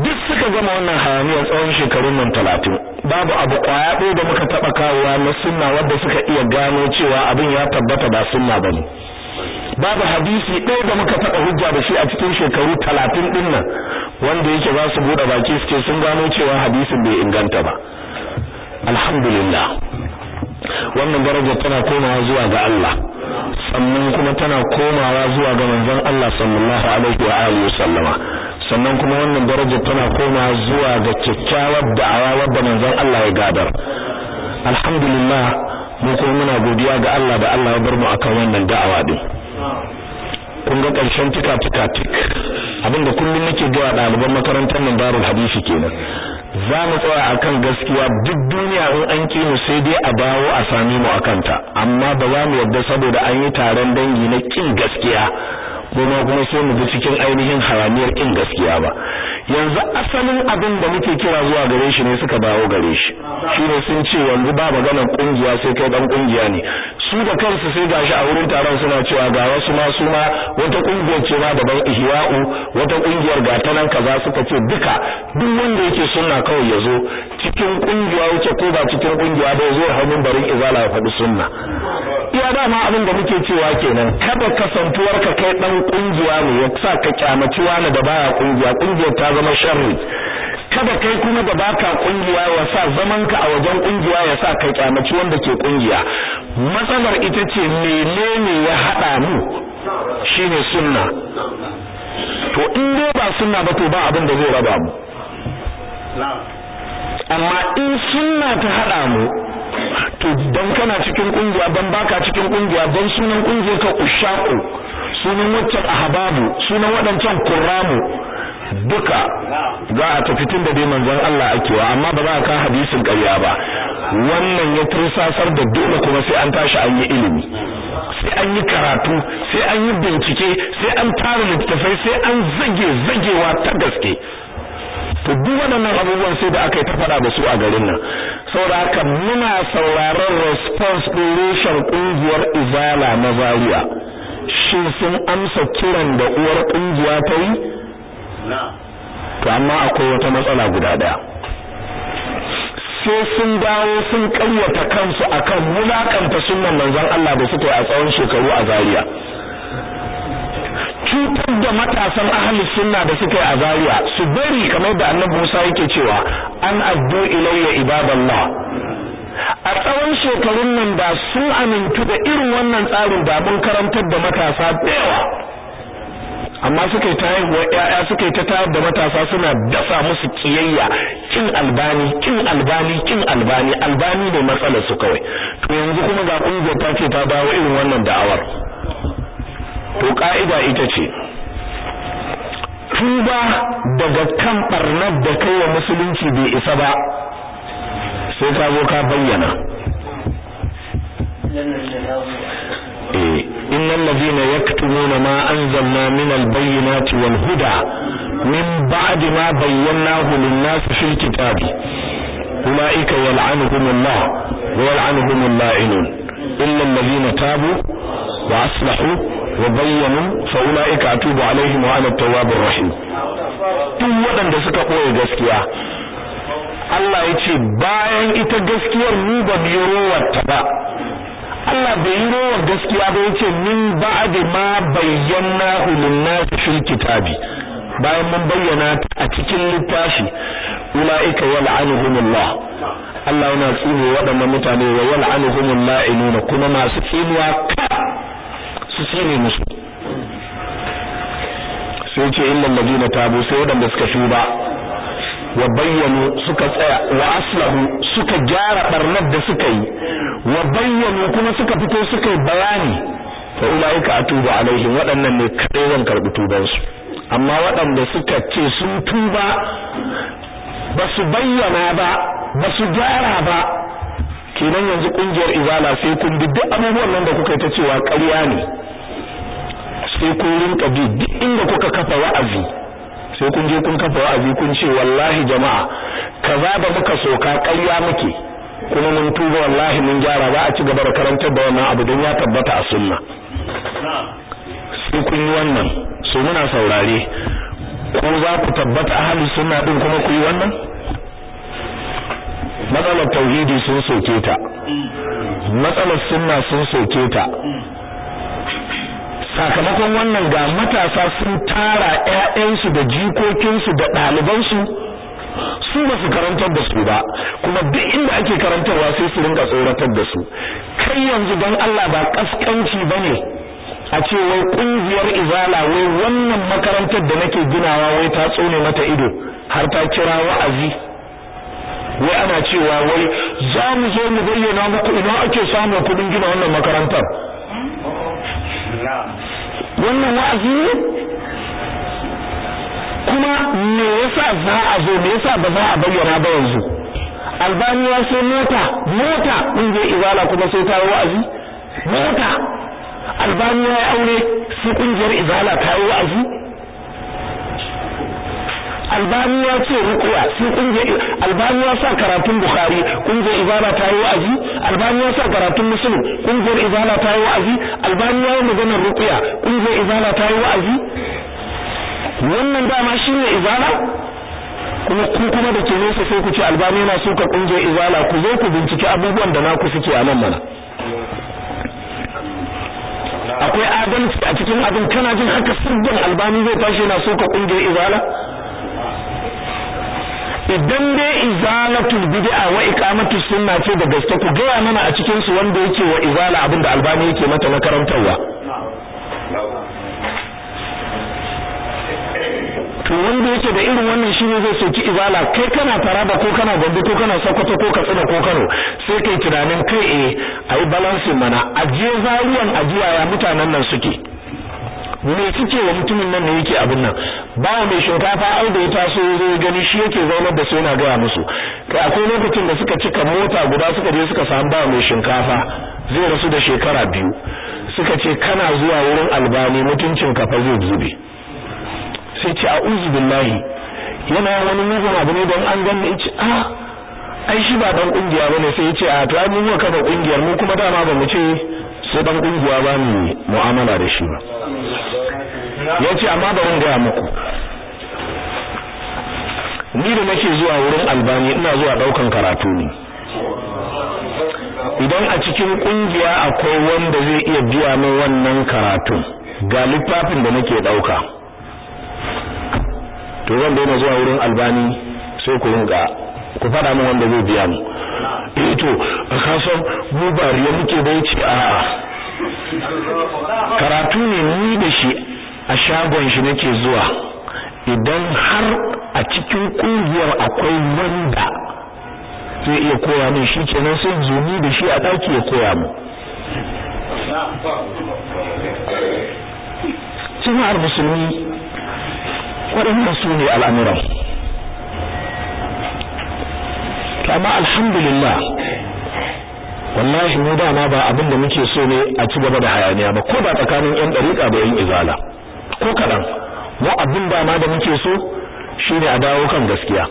duk suka gama wannan hayaniyar tsawon shekarun nan talatin babu abu kwaya ɗaya da muka taɓa kawowa na sunna wadda suka iya gano cewa abin ya tabbata ba sunna ba ne babu hadisi ɗaya da muka taɓa hujja da shi a cikin shekaru talatin ɗin nan wanda yake za su buɗe baki suke sun gano cewa hadisin bai inganta ba alhamdulillah wannan daraja tana komawa zuwa ga Allah sannan kuma tana komawa zuwa ga manzon Allah sallallahu alaihi wa alihi wasallama sannan kuma wannan daraja tana komawa zuwa ga kyakkyawar da'awa wadda manzon Allah ya gadar alhamdulillah mu kuma muna godiya ga Allah da Allah ya bar mu akan wannan da'awa din kun ga ƙarshen tuka-tuka tik abinda kullum nake ga ɗaliban makarantar nan darul hadisi kenan za mu tsaya akan gaskiya duk duniya in an ki sai dai a bawo a sami mu akanta amma ba za mu yadda saboda an yi taron dangi na kin gaskiya Goma kuma sai mu bi cikin ainihin haramiyar kin gaskiya ba yanzu asalin abin da muke kira zuwa gare shi ne suka bawo gare shi shine sun ce yanzu ba magana kungiya sai kai dan kungiya ne su da kansu sai gashi a wurin taron suna cewa ga wasu ma su ma wata kungiyar ce ma daban ihya'u wata kungiyar ga nan kaza suka ce duka duk wanda yake sunna kawai ya zo cikin kungiya wuce ko ba cikin kungiya ba zo hannun barin izala ya faɗi sunna iya dama abin da muke cewa kenan kada kasantuwar ka kai dan kungiya ne ya sa ka kyamaci wani da baya kungiya kungiyar ta zama sharri kada kai kuma da baka kungiya ya sa zaman ka a wajen kungiya ya sa ka kyamaci wanda ke kungiya matsalar ita ce menene ya hada mu shine sunna to in dai ba sunna ba to ba abin da zai raba mu amma in sunna ta hada mu to dan kana cikin kungiya dan baka cikin kungiya dan sunan kungiyar ka ushaku sunan waccan ahbabu sunan waɗancan kuramu duka za a tafi tun da dai manzon Allah ake wa amma ba za a ka hadisin ƙarya ba wannan ya tursasar da dole kuma sai an tashi an yi ilimi sai an yi karatu sai an yi bincike sai an tara littattafai sai an zage zagewa ta gaske to duk waɗannan abubuwan sai da aka yi ta faɗa da su a garin nan saboda haka muna sauraron response ɗin reshen ƙungiyar izala na zaria shi sun amsa kiran da uwar kungiya ta yi to amma akwai wata matsala guda daya sai sun dawo sun karyata kansu akan mulakanta sunan manzon Allah da suka yi a tsawon shekaru a Zaria cutar da matasan ahli sunna da suka yi a Zaria su bari kamar da Annabi Musa yake cewa an addu ilayya ibadallah a tsawon shekarun nan da sun amintu da irin wannan tsarin da mun karantar da matasa dawa amma suka yi wa haihuwa ƴaƴa suka ta tayar da matasa suna dasa musu kiyayya kin albani kin albani kin albani albani ne matsalar su kawai to yanzu kuma ga kungiyar ta ce ta dawo irin wannan da'awar to ka'ida ita ce tuba daga kan barnar da kai wa musulunci bai isa ba sai ka zo ka bayyana إن الذين يكتمون ما أنزلنا من البينات والهدى من بعد ما بيناه للناس في الكتاب أولئك يلعنهم الله ويلعنهم اللاعنون إلا الذين تابوا وأصلحوا وبينوا فأولئك أتوب عليهم وأنا التواب الرحيم duk waɗanda suka ɓoye gaskiya Allah ya ce bayan ita gaskiyar mu ba mu rowarta ba Allah bai yi rowar gaskiya ba yace min da ma bayyana lin-nas fil kitabi bayan mun bayyana a cikin littafi ulaika yal'anuhumullah Allah yana tsine waɗannan mutane wa yal'anuhumul la'inuna kuma masu tsinuwa ka su tsine musu sai ce illal ladina tabu sai waɗanda suka tuba wa bayyanu suka tsaya wa aslahu suka gyara barnar da suka yi wa bayyanu kuma suka fito suka yi bayani fa ulaika atubu alaihim waɗannan ne kadai zan karbi su amma waɗanda suka ce sun tuba ba su bayyana ba ba su gyara ba kenan yanzu kungiyar izala sai kun bi duk abubuwan nan da kuka yi ta cewa ƙarya ne sai kun rinka bi duk inda kuka kafa wa'azi sai kun je kun kafa wa'azi kun ce wallahi jama'a kaza ba muka soka ƙarya muke kuma mun tuba wallahi mun gyara za a ci gaba da karantar da wannan abu don ya tabbata a sunna sai kun yi wannan so muna saurare ko za ku tabbata ahlus sunna din kuma ku yi wannan matsalar tauhidi sun soke ta matsalar sunna sun soke ta sakamakon wannan ga matasa sun tara ƴaƴansu da jikokinsu da ɗalibansu su ba su karantar da su ba kuma duk inda ake karantarwa sai su rinka tsoratar da su kai yanzu don Allah ba ƙasƙanci ba ne a ce wai kungiyar izala wai wannan makarantar da nake ginawa wai ta tsone mata ido har ta kira wa'azi wai ana cewa wai za mu zo mu bayyana muku ina ake samun kuɗin gina wannan makarantar wannan wa'azi kuma me yasa za a zo me yasa ba za a bayyana ba yanzu albani ya sai mota mota kun je izala kuma sai ta wa'azi mota albani ya aure sai kungiyar izala ta wa'azi albani ya ce ruku'a sai kungiya albani ya sa karatun bukhari kungiyar izala ta yi wa'azi albani ya sa karatun muslim kungiyar izala ta yi wa'azi albani ya yi maganar ruku'a kungiyar izala ta yi wa'azi wannan dama shine ibada kuma ku kuma da ke nesa sai ku ce albani yana suka kungiyar izala ku zo ku binciki abubuwan da naku suke a nan mana akwai adalci a cikin abin kana jin haka sirrin albani zai tashi yana suka kungiyar izala idan dai izalatul bid'a wa iqamatus sunna ce da gaske ku gaya mana a cikin su wanda yake wa izala abin da albani yake mata na karantarwa to wanda yake da irin wannan shine zai soki izala kai kana taraba ko kana gombe ko kana sokoto ko katsina ko kano sai kai tunanin kai eh ayi balansin mana ajiye zaruwan ajiya ya mutanen nan suke me suke wa mutumin nan da yake abin nan ba mai shinkafa ai da ya taso zo gani shi yake zaunar da su yana gaya musu kai akwai lokacin da suka cika mota guda suka je suka samu ba mai shinkafa zai rasu da shekara biyu suka ce kana zuwa wurin albani mutuncin kafa zai zube sai ce a'udhu billahi yana wani mugun abu ne don an gan ice a ba dan bane sai ya ce a to ai wa kafa kungiyar mu kuma dama ba mu ce sai dan kungiya ba mu'amala da shi ba yace amma ba wanda ya muku ni da nake zuwa wurin albani ina zuwa daukan karatu ne idan a cikin kungiya akwai wanda zai iya biya min wannan karatu ga littafin da nake dauka to zan daina zuwa wurin albani sai ku ringa ku fada min wanda zai biya mu eh to ka san mu muke da yace a karatu ne ni da shi a shagon shi nake zuwa idan har a cikin kungiyar akwai wanda zai iya koya min shi kenan sai zuni da shi a daki ya koya mu jama'ar musulmi waɗannan su ne al'amuran to amma alhamdulillah wallahi mu dama ba abin da muke so ne a ci gaba da hayaniya ba ko ba tsakanin yan ɗariƙa ba yan izala ko kaɗan mu abin dama da muke so shine a dawo kan gaskiya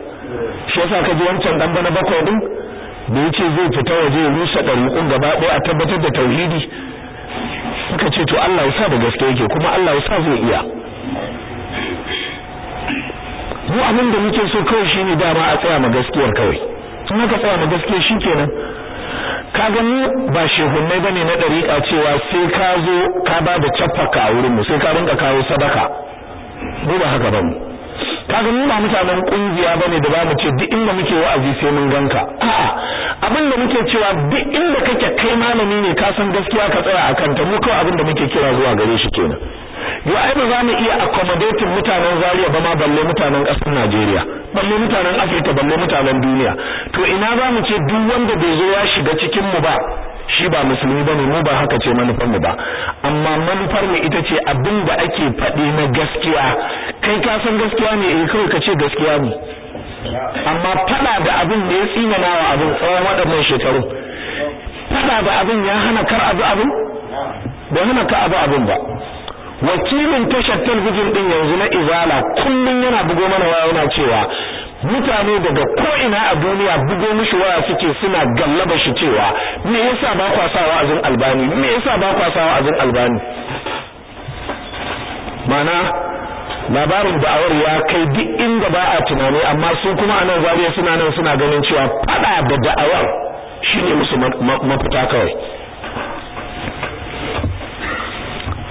shi yasa ka ji wancan dan bana bakwai ɗin da yace zai fita waje ya rusa ɗariƙun gaba ɗaya a tabbatar da tauhidi suka ce to Allah ya sa da gaske yake kuma Allah ya sa zai iya mu abin da muke so kawai shine dama a tsaya ma gaskiyar kawai in ka tsaya da gaske shi kenan ka gani ba shehunnai bane na dariƙa cewa sai ka zo ka ba da caffaka a wurinmu sai ka rinka kawo sadaka mu ba haka bane ka gani ba mutanen ƙungiya bane da bamu ce duk inda muke wa'azi sai mun ganka a'a abin da muke cewa duk inda kake kai malami ne ka san gaskiya ka tsaya akan ta mu kawai abin da muke kira zuwa gare shi kenan ya ai ba za mu iya accommodating mutanen Zaria ba ma balle mutanen ƙasar Najeriya balle mutanen Afirka balle mutanen duniya to ina za mu ce duk wanda bai zo ya shiga cikin mu ba shi ba musulmi bane mu ba haka ce manufar mu ba amma manufar mu ita ce abin da ake faɗi na gaskiya kai ka san gaskiya ne eh kawai ka ce gaskiya ne amma fada da abin da ya tsinana wa abin tsawon waɗannan shekaru fada da abin ya hana kar abu abin bai hana ka abu abin ba wakilin tashar talbijin din yanzu na izala kullum yana bugo mana waya yana cewa mutane daga ko ina a duniya bugo mishi waya suke suna gallaba shi cewa me yasa ba kwa sa wa'azin albani me yasa ba kwa sa wa'azin albani mana labarin da'awar ya kai duk inda ba a tunani amma su kuma anan zariya suna nan suna ganin cewa fada da da'awar shine musu mafita kawai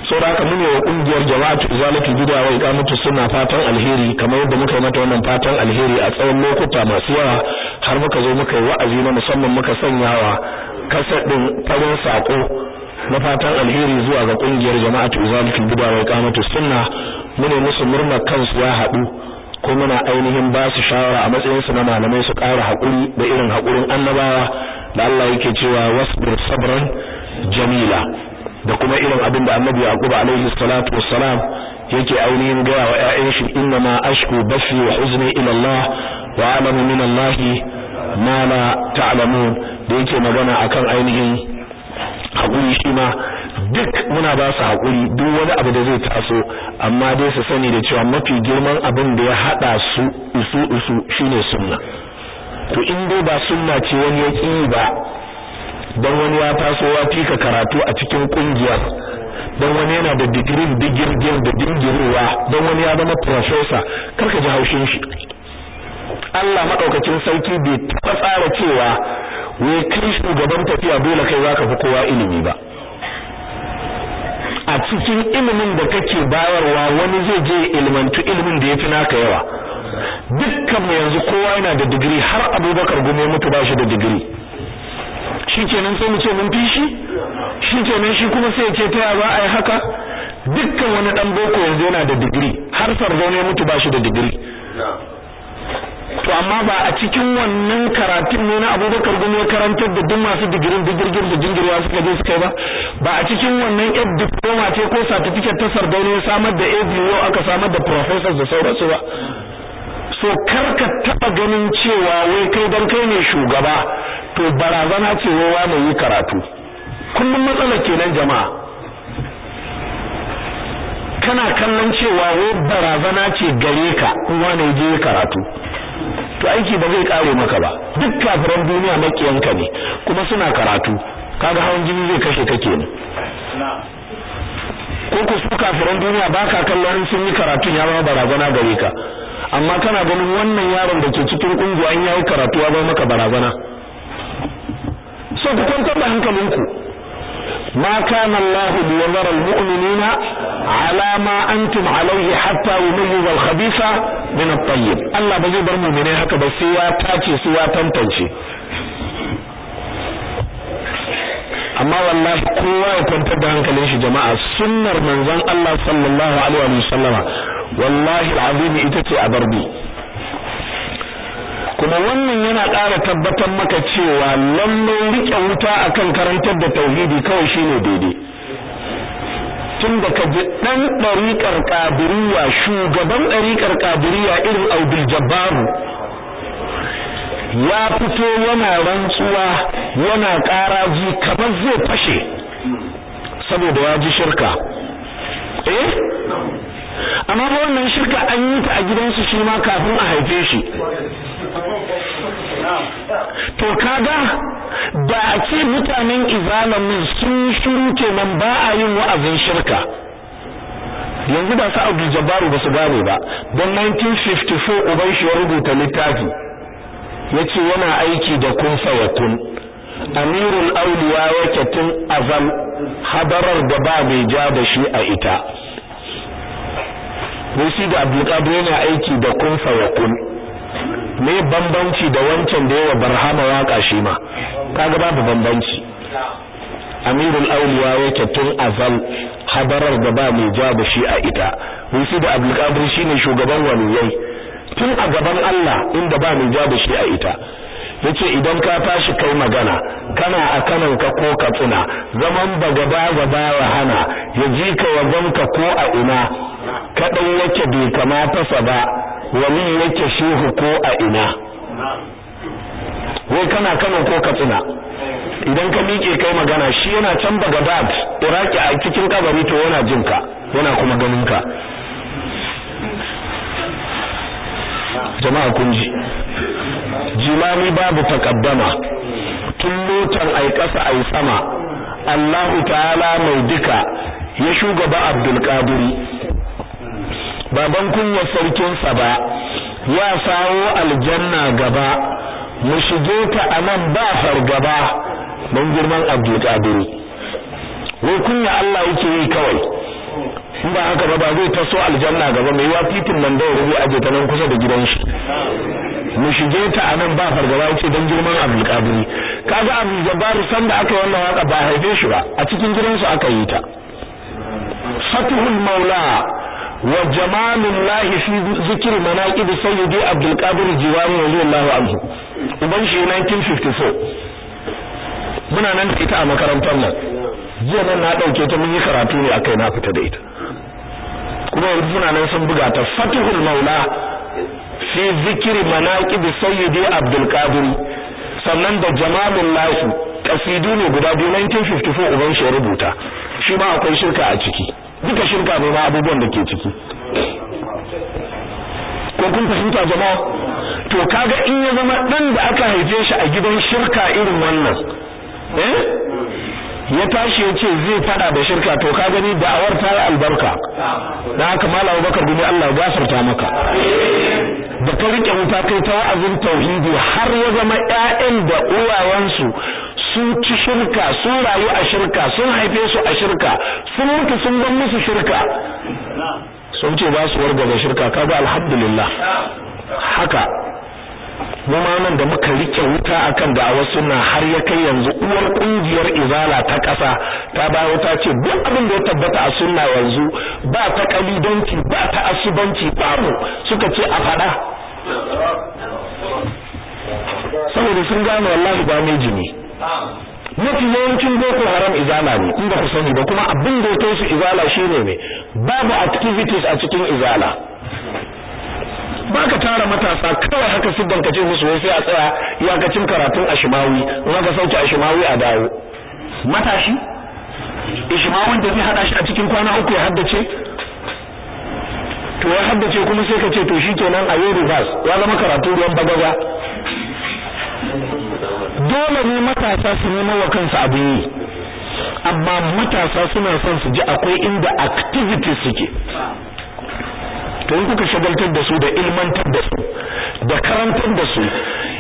saboda haka mune wa kungiyar jama'atu zalatu gida wa iqamatu suna fatan alheri kamar yadda muka yi mata wannan fatan alheri a tsawon lokuta masu yawa har muka zo muka yi wa'azi na musamman muka sanya wa sanyawa ɗin farin saƙo. na fatan alheri zuwa ga kungiyar jama'atu zalatu bid'a wa iqamatu sunna mune musu murna kansu ya haɗu ko muna ainihin ba su shawara a matsayin su na malamai su ƙara haƙuri da irin haƙurin annabawa da Allah yake cewa wasbir sabran jamila da kuma irin abin da annabi yaquba alaihi salatu wassalam yake ainihin gaya wa ƴaƴan shi inna ma ashku bashi wa huzni ila Allah wa a'lamu min Allah ma la ta'lamun da yake magana akan ainihin hakuri shi ma duk muna ba su hakuri duk wani abu da zai taso amma dai su sani da cewa mafi girman abin da ya hada su isu isu shine sunna to in dai ba sunna ce wani yaki ba Don wani ya taso ya fika karatu a cikin kungiyar Don wani yana da digirin digirgir da dingirowa Don wani ya zama profesa karka ji haushin shi Allah madaukakin sarki bai taɓa tsara cewa wai kai shugaban tafiya dole kai za ka fi kowa ilimi ba a cikin ilimin da kake bayarwa wani zai je ilmantu ilimin da ya fi naka yawa Dukkanmu yanzu kowa yana da digiri har Abubakar gume mutu ba shi da digiri shi kenan sai mu ce mun fi shi shi kenan shi kuma sai ce ta ba a yi haka dukkan wani dan boko yanzu yana da digiri har ne mutu ba shi da digiri to amma ba a cikin wannan karatun ne na abubakar gumi ya karantar da duk masu digirin digirgir da jingirwa suka je suka yi ba ba a cikin wannan yan diploma ce ko certificate ta sardauna ya samar da ABO aka samar da professors da sauransu ba so kar ka taba ganin cewa wai kai dan kai ne shugaba to barazana ce wai mai yi karatu kullum matsalar kenan jama'a kana kallon cewa wai barazana ce gare ka kuma ne je karatu to aiki ba zai kare maka ba duk kafiran duniya makiyanka ne kuma suna karatu kaga hawan jini zai kashe ka ne ko ku su kafiran duniya baka kallon sun yi karatu ya zama barazana gare ka amma kana ganin wannan yaron da ke cikin kungiya an yayi karatu ya bar maka barazana so ku kwantar da hankalinku ma kana Allah bi yadhara almu'minina ala ma antum alayhi hatta yumayyiz alkhabitha min at-tayyib Allah ba zai bar mu'mini haka ba sai ya tace su ya tantance amma wallahi kowa ya kwantar da hankalin shi jama'a sunnar manzon Allah sallallahu alaihi wa sallama wallahi alazim ita ce a barbi kuma wannan yana ƙara tabbatar maka cewa lallai rike wuta akan karantar da tauhidi kawai shine daidai tun da ka ji ɗan ɗariƙar ƙadiriya shugaban ɗariƙar ƙadiriya irin Abdul Jabbar ya fito yana rantsuwa yana ƙara kamar zai fashe saboda ya ji shirka eh amma ba wannan shirka an yi ta a gidansu shi ma kafin a haife shi to kaga da a ce mutanen izalamin sun shiru kenan ba a yin wa'azin shirka yanzu ba su abu jabaru ba su gane ba don 1954 uban shi ya rubuta littafi ya ce yana aiki da kun kun. amirul auliya yake tun azal hadarar da ba mai ja da shi a ita to da abdulkadir yana aiki da kun wa kun me bambanci da wancan da yawa barhama waka shi ma kaga babu bambanci amirul auliya yake tun azal hadarar da ba mai ja shi a ita musu da abdulkadir shine shugaban waliyai tun a gaban Allah inda ba mai ja shi a ita yace idan ka tashi kai magana kana a kanan ka ko ka zaman baga baga bawa hana ya ji ka ka ko a ina ka yake bai kamata sa ba wani yake shehu ko a ina wai kana kanan ko katsina idan ka miƙe kai magana shi yana can bagdad iraki a cikin kabari to yana jin ka yana kuma ganin ka jama'a kun ji jimami babu takaddama tun lotan ai kasa ai sama Allahu ta'ala mai duka ya shugaba Abdul Qadir baban kunya sarkin sa ba ya sawo aljanna gaba mu shige ta anan ba gaba mun girman Abdul Qadir wai kunya Allah yake yi kawai in ba haka ba ba zai taso aljanna gaba mai wa titin nan da rubi aje ta nan kusa da gidan shi mu shige ta a nan ba fargaba yace dan girman Abdul kaga abu Jabbar san da aka wannan waka ba haife shi ba a cikin gidansu aka yi ta fatuhul Maula wa jamalun lahi fi zikir manaqib sayyidi abdul qadir jiwani radiyallahu anhu uban shi 1954 muna nan ita a makarantar nan jiya nan na ɗauke ta mun yi karatu ne akai na fita da ita kuma yanzu suna nan sun buga ta fatihul maula fi zikri manaqib sayyidi abdul qadir sannan da jamalul lahi kasidu ne guda biyu 1954 uban shi rubuta shi ma akwai shirka a ciki duka shirka ne ma abubuwan da ke ciki ko kun fahimta jama'a to kaga in ya zama dan da aka haife shi a gidan shirka irin wannan eh ya tashi ya ce zai fada da shirka to ka gani da'awar ta albarka da haka malam Abubakar gumi Allah ya gafarta maka da ka rike wuta kai ta wa'azin tauhidi har ya zama ƴaƴan da uwawansu sun ci shirka sun rayu a shirka sun haife su a shirka sun mutu sun ban musu shirka sun ce ba su warga da shirka kaga alhamdulillah haka mu nan da muka rike wuta akan da wasu na har ya kai yanzu uwar kungiyar izala ta kasa ta bayo ta ce duk abin da ya tabbata a sunna yanzu ba ta kalidanci ba ta asubanci babu suka ce a faɗa saboda sun gane wallahi ba mai jini mafi yawancin boko haram izala ne in ba ku sani ba kuma abin da ya kai su izala shine ne babu activities a cikin izala ba ka tara matasa kawai haka siddan ka ce musu sai a tsaya cin karatun ashimawi in ka sauke ashimawi a dawo matashi ishimawin da zai hada shi a cikin kwana uku ya haddace to ya haddace kuma sai ka ce to shikenan a yi reverse ya zama karatu ruwan bagaga dole ne matasa su nemo wa kansu abu yi amma matasa suna son su ji akwai inda activities suke to yi kuka shagaltar da su da ilmantar da su da karantar da su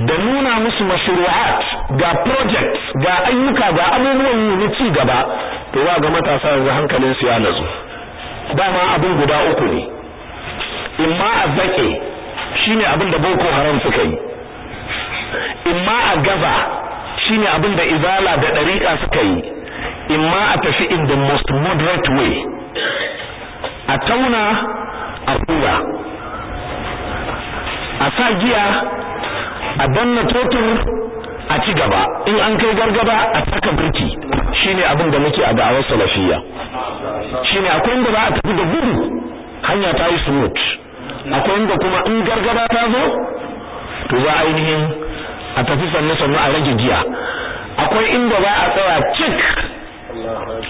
da nuna musu mashru'at ga projects ga ayyuka ga abubuwan yi na ci gaba to za ga matasa yanzu hankalin su ya nazo dama abin guda uku ne imma a zaƙe shine abin da boko haram suka yi imma a gaza shine abin da izala da ɗariƙa suka yi imma a tafi in the most moderate way a tauna a a sa giya a danna totur a ci gaba in an kai gargaba a saka birki shine abin da muke a da'awar salafiyya shine akwai inda ba a tafi da gudu hanya ta yi smooth akwai inda kuma in gargaba ta zo to za ainihin a tafi sannu sannu a rage giya akwai inda ba a tsaya cik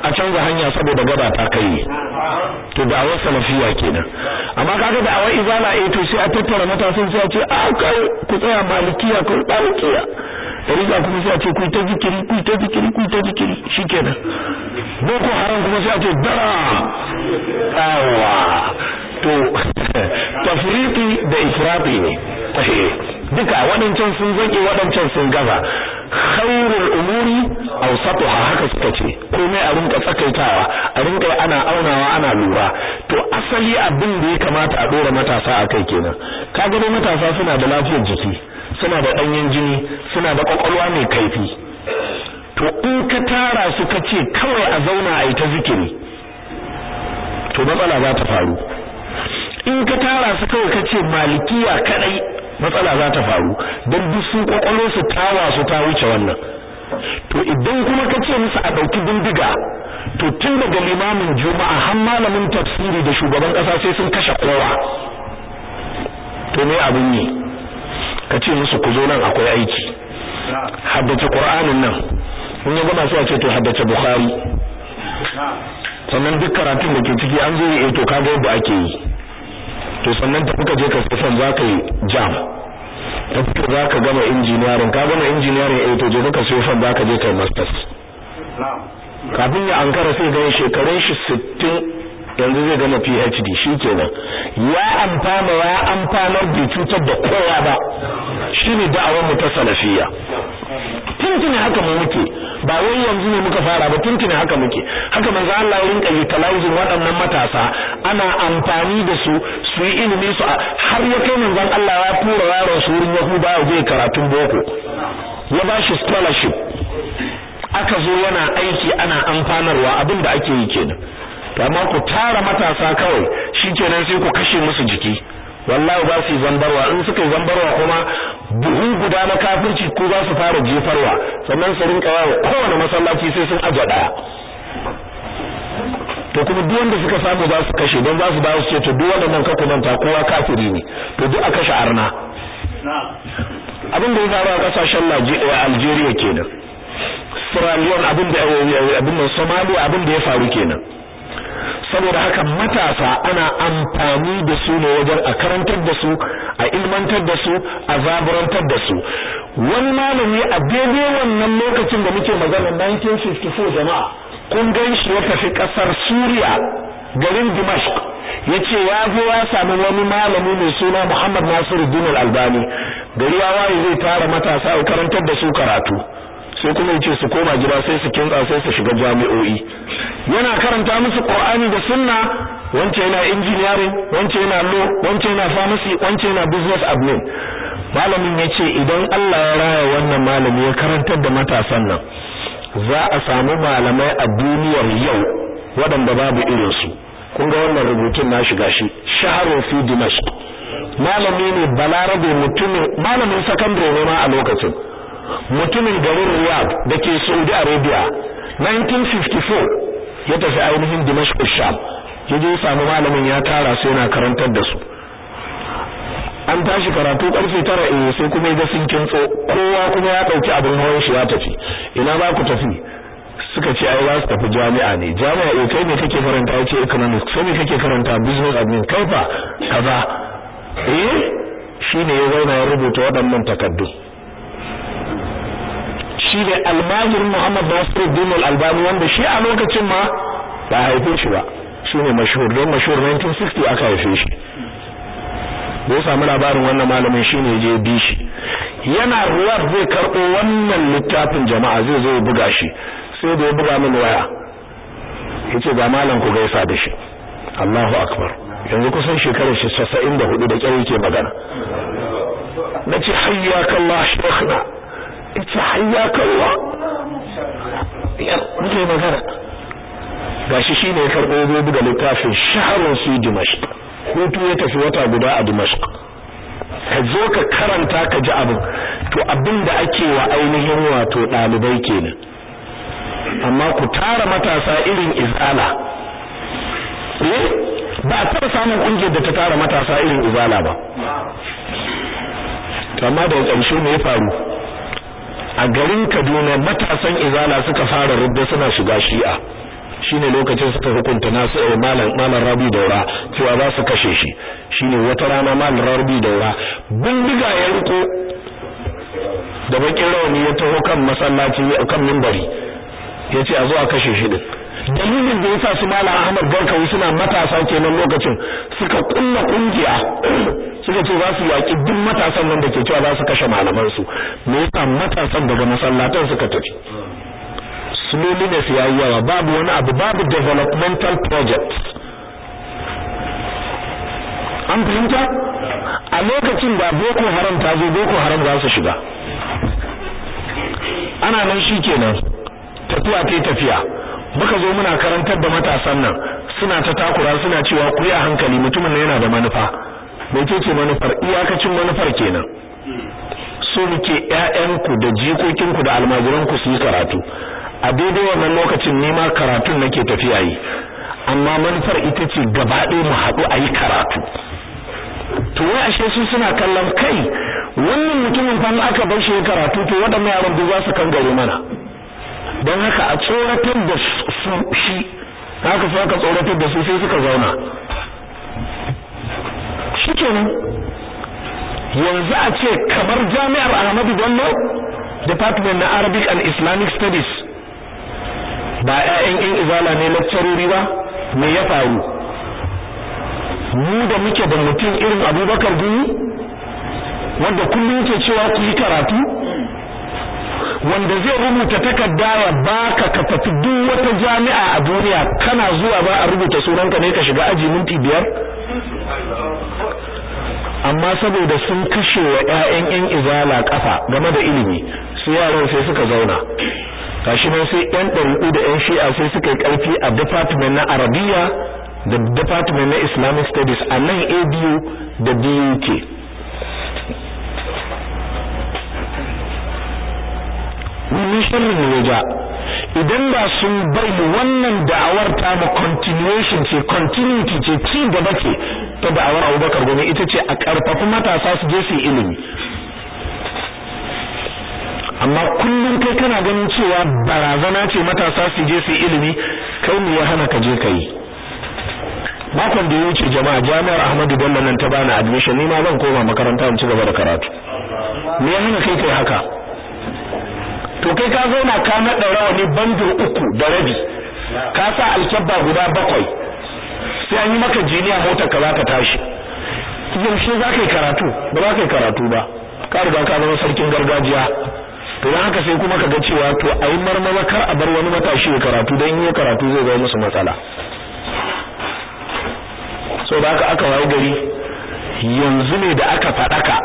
a canza hanya saboda gaba ta kai to da awar salafiya kenan amma kaga da awar izala eh to sai a tattara matasan sai a ce a ah, kai ku tsaya malikiya ku malikiya riga kuma sai a ce ku ta zikiri ku ta zikiri ku ta zikiri shikenan boko haram kuma sai a ce dara awa to tafriqi da ifrati ne duka waɗancan sun zage waɗancan sun gaza khairul umuri awsatuha haka suka ce komai a rinka tsakaitawa a rinka ana aunawa ana lura to asali abin da ya kamata a dora matasa a kai kenan kaga dai matasa suna da lafiyar jiki suna da danyen jini suna da ƙwaƙwalwa mai kaifi to in ka tara su ka ce kawai a zauna a yi ta zikiri to matsala za ta faru in ka tara su kawai ka ce malikiya kadai matsala za ta faru don duk sun kwakwalo su tawa su ta wuce wannan to idan kuma ka ce musu a ɗauki bindiga to tun daga limamin juma'a har malamin tafsiri da shugaban ƙasa sai sun kashe kowa to me abin ne ka ce musu ku zo nan akwai aiki haddace qur'anin nan in ya gama sai a ce to haddace bukhari sannan duk karatun da ke ciki an zo yi eh to kaga yadda ake yi to sannan ta kuka je ka san za ka yi jam ta kuka za ka gama injiniyarin ka gama injiniyarin eh to je ka sai fan za ka je kai masters kafin ya ankara sai ga shekarun shi 60 yanzu zai gama PhD shikenan ya amfana ya amfanar da cutar da kowa ba shine da'awar mu ta salafiyya tuntuni haka mu muke ba wai yanzu ne muka fara ba tuntuni haka muke haka manzo Allah ya rinka utilizing waɗannan matasa ana amfani da su su yi ilimi su har ya kai manzo Allah ya tura yaron su wurin Yahuda ya je karatun boko ya ba shi scholarship aka zo yana aiki ana amfanarwa abin da ake yi kenan amma ku tara matasa kawai shikenan sai ku kashe musu jiki wallahi ba su zambarwa in suka zambarwa kuma buhu guda na kafirci ko za su fara jefarwa sannan su rinka yawo kowane masallaci sai sun aje daya to kuma duk wanda suka samu za su kashe don za su dawo su ce to duk wanda nan ka kumanta kowa kafiri ne to duk a kashe arna abin da ya faru a kasashen eh, Algeria kenan Sierra Leone abin da eh, abin da Somalia abin da ya faru kenan saboda haka matasa ana amfani da su ne wajen a karantar da su a ilmantar da su a zaburantar da su wani malami a daidai wannan lokacin da muke magana 1954 jama'a kun gan shi ya tafi kasar Suriya garin ya ce ya zo ya samu wani malami mai suna Muhammad Nasiruddin Al-Albani gari ya waye zai tara matasa a karantar da su karatu sai kuma ce su koma gida sai su kinsa sai su shiga jami'o'i yana karanta musu Qur'ani da Sunna wance yana engineering wance yana law wance yana pharmacy wance yana business admin malamin yace idan Allah ya raya wannan malami ya karantar da matasan nan za a samu malamai a duniyar yau waɗanda babu irin su. kun ga wannan rubutun na shiga shi shaharun fi dimashq malami ne balarabe mutumin malamin sakandare ne ma a lokacin mutumin garin Riyadh da Saudi Arabia 1954 ya tafi ainihin Dimashq Sham ya je samu malamin ya tara sai yana karantar da su an tashi karatu karfe tara eh sai kuma ya sun kinso kowa kuma ya dauki abin hawan shi ya tafi ina ba ku tafi suka ce ai za su tafi jami'a ne jami'a eh kai ne kake karanta yace economics sai ne kake karanta business admin kai fa kaza eh shine ya zauna ya rubuta waɗannan takardu shi ne almajirin Muhammad Nasiruddin al-Albani wanda shi a lokacin ma ba a haife shi ba ne mashhur don mashhur 1960 aka haife shi da ya samu labarin wannan malamin shi ne je bi shi yana ruwa zai karɓo wannan littafin jama'a zai zo ya buga shi sai da ya buga min waya Ya ce ga malam ku gaisa da shi Allahu akbar yanzu kusan shekarar shi 94 da kyau yake magana Na nace hayya kallah shaykhna yace hayya kallah muke magana gashi shine ya karbo ya buga littafin shahrun su dimashq hutu ya tafi wata guda a dimashq ka zo ka karanta ka ji abin to abin da ake wa ainihin wato ɗalibai kenan amma ku tara matasa irin izala eh ba a taɓa samun ƙungiyar da ta tara matasa irin izala ba amma da ƙarshe ne ya faru a garin Kaduna matasan izala suka fara rubda suna shiga shi'a shine lokacin suka hukunta nasu eh malam Rabi Daura cewa za su kashe shi shine wata rana malam Rabi Daura bindiga ya riko da bakin rawani ya taho kan masallaci kan minbari yace a zo a kashe shi din dalilin da yasa su mala Ahmad Barkawi suna matasa kenan lokacin suka kulla kungiya suka ce za su yaki duk matasan nan da ke cewa za su kashe malaman su me yasa matasan daga masallatan suka tafi ne su yayi yawa babu wani abu babu developmental project an fahimta a lokacin da boko haram ta zo boko haram za su shiga ana nan shi kenan tafiya kai tafiya muka zo muna karantar da matasan nan suna ta takura suna cewa ku yi a hankali mutumin nan yana da manufa me ce manufar iyakacin manufar kenan so muke ku da jikokinku da almajiranku su yi karatu a daidai wannan lokacin nema ma karatun nake tafiya yi amma manufar ita ce gaba ɗaya mu haɗu a yi karatu to wai ashe su suna kallon kai wannan mutumin fa aka bar shi karatu to waɗannan yaran duk za su kangare mana don haka a tsoratar da su shi haka su haka tsoratar da su sai suka zauna nan, yanzu a ce kamar jami'ar Ahmadu Bello department na Arabic and Islamic Studies ba ƴaƴan 'yan izala ne lecturer ba me ya faru mu da muke da mutum irin Abubakar Gumi wanda kullum ke cewa ku yi karatu wanda zai rubuta takarda ya baka ka tafi duk wata jami'a a duniya kana zuwa ba a rubuta sunanka ne ka shiga aji minti biyar amma saboda sun kashe wa ƴaƴan ƴan izala kafa game da ilimi su yaran sai suka zauna kashi nan sai ƴan ɗari'u da 'yan shi'a sai suka yi ƙarfi a department na arabiya da department na islamic studies a nan abu da duk mun sharrin ne ja idan ba sun bari wannan da'awar ta mu continuation ce continuity ce ci gaba ce ta da'awar Abubakar gome ita ce a karfafi matasa su je su ilimi amma kullum kai kana ganin cewa barazana ce matasa su je su ilimi kai ne ya hana ka je kai makon da ya wuce jama'a jami'ar Ahmadu Bello nan ta bani admission ni ma zan koma makaranta in ci gaba da karatu me ya hana kai kai haka to kai ka zauna ka naɗa rawani bandur uku da rabi ka sa alkyabba guda bakwai sai an yi maka jiniya motar ka za ka tashi yaushe za ka yi karatu ba za ka yi karatu ba ka riga ka zama sarkin gargajiya to don haka sai kuma ka ga cewa to a yi marmara kar a bar wani matashi ya karatu don yi karatu zai zama musu matsala so da haka aka waye gari yanzu ne da aka faɗaka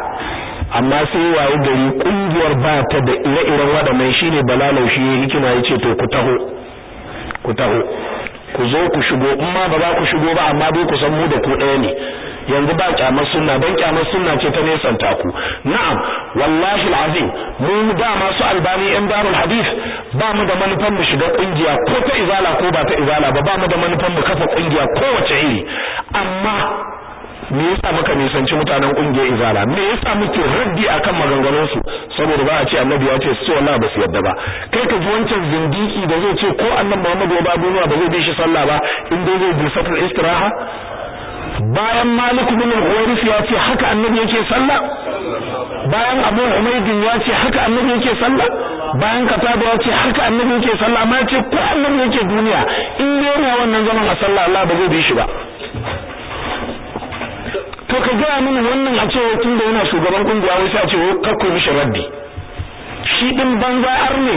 amma sai waye gari kungiyar ba ta da ire-iren waɗannan shine balalau shi hikima yace to ku taho ku taho ku zo ku shigo in ma ba za ku shigo ba amma dai ku san mu da ku ɗaya ne yanzu ba kyamar sunna dan kyamar sunna ce ta nesan ku na'am wallahi alazim mu da su albani yan darul hadith ba mu da manufar mu shiga kungiya ko ta izala ko ba ta izala ba ba mu da manufar mu kafa kungiya kowace iri amma me yasa muka nisanci mutanen kungiyar izala me yasa muke raddi akan maganganun su saboda ba a ce annabi ya ce su wallahi ba su yadda ba kai ka ji wancan zindiki da zai ce ko annabi Muhammad ya ba duniya ba zai bi shi sallah ba in dai zai bi istiraha bayan Malik bin Huwairis ya ce haka annabi yake sallah bayan Abu Umaydin ya ce haka annabi yake sallah bayan Qatada ya ce haka annabi yake sallah amma ce ko annabi yake duniya in dai yana wannan zaman a sallah Allah ba zai bi shi ba to ka gaya mini wannan a cewa tun da yana shugaban kungiya wai sai a ce oh, kar ku mishi raddi shi din banza arne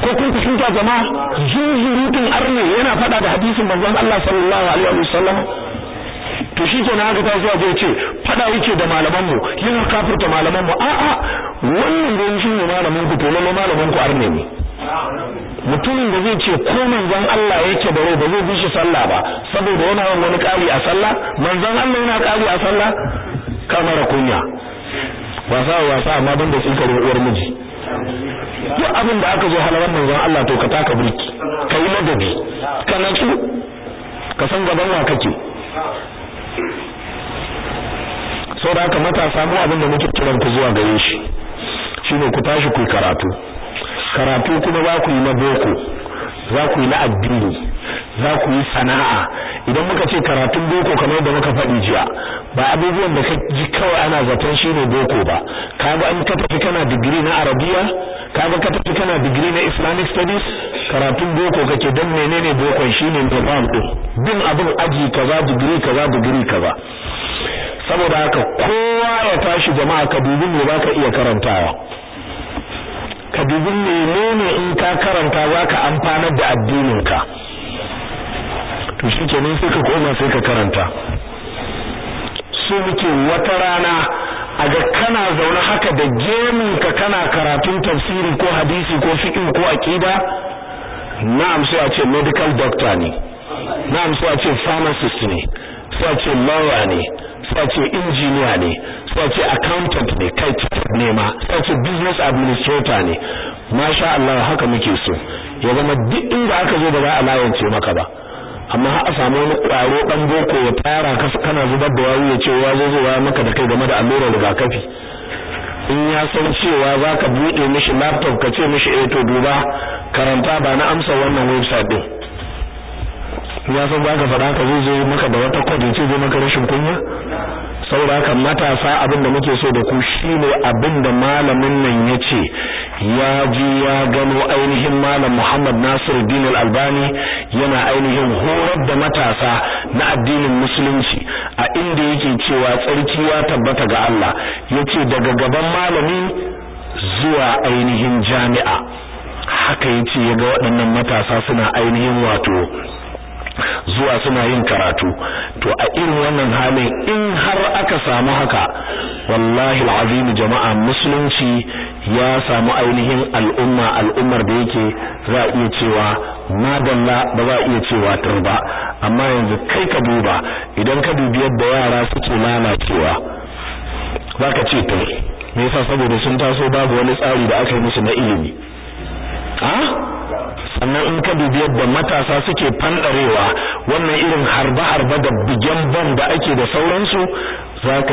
ko kun fahimta jama'a jinjirutun arne yana faɗa da hadisin manzon Allah sallallahu alaihi sallam to shi kenan ga ta zuwa zai ce faɗa yake da malaman mu yana kafirta malaman mu a'a wannan dai shi ne malamin ku to lalle malamin ku arne ne mutumin da zai ce ko manzon Allah yake da rai ba zai bi shi sallah ba saboda yana yin wani kari a sallah manzon Allah yana kari a sallah kamar kunya wasa wasa amma banda tsinkar uwar miji duk abin da aka zo halaran manzon Allah to ka taka burki ka yi madadi ka ci ka san gaban wa kake saboda haka matasa mu abin da muke kiran ku zuwa gare shi shine ku tashi ku karatu karatu kuma za ku yi na boko za ku yi na addini za ku yi sana'a idan muka ce karatun boko kamar da muka faɗi jiya ba abubuwan da ka ji kawai ana zaton shi ne boko ba ka ga an ka tafi kana digiri na arabiya kaga ka tafi kana digiri na islamic studies karatun boko kake don menene bokon shi ne nizam bin abin aji kaza digiri kaza digiri kaza saboda haka kowa ya tashi jama'a ka dubi me baka iya karantawa ka dubi menene in ka karanta zaka amfanar da addininka to shikenan sai ka koma sai ka karanta su muke wata rana a ga kana zaune haka da ka kana karatun tafsiri ko hadisi ko fiƙin ko aƙida. na'am sai a ce medical doctor ne na'am sai a ce pharmacist ne sai a ce lawyer ne sai injiniya ne sai accountant ne kai ne ma sai business administrator ne masha Allah haka muke so ya zama duk inda aka zo ba za a layance maka ba amma har a samu wani ƙwaro ɗan boko ya tara ka kana zubar da wayo ya ce wa zo zo maka da kai game da allurar rigakafi in ya san cewa za ka buɗe mishi laptop ka ce mishi eh to duba karanta ba na amsa wannan website ɗin. ya san ba ka faɗa ka zai zo maka da wata kwadin ce zai maka rashin kunya saboda haka matasa abin da muke so da ku shine abin da malamin nan ya ce ya ji ya gano ainihin malam Muhammad Nasir Al-Albani yana ainihin horar da matasa na addinin musulunci a inda yake cewa tsarki ya tabbata ga Allah yace daga gaban malami zuwa ainihin jami'a haka yace ya ga waɗannan matasa suna ainihin wato zuwa suna yin karatu to a irin wannan halin in har aka samu haka wallahi alazim jama'a musulunci ya samu ainihin al'umma al'ummar da yake za iya cewa madalla ba za iya cewa turba amma yanzu kai ka duba idan ka dubi yadda yara suke lalacewa zaka ce to me yasa saboda sun taso babu wani tsari da aka yi musu na ilimi sannan in ka dubi yadda matasa suke fandarewa wannan irin harba harba da bugen ban da ake da sauransu Za zaka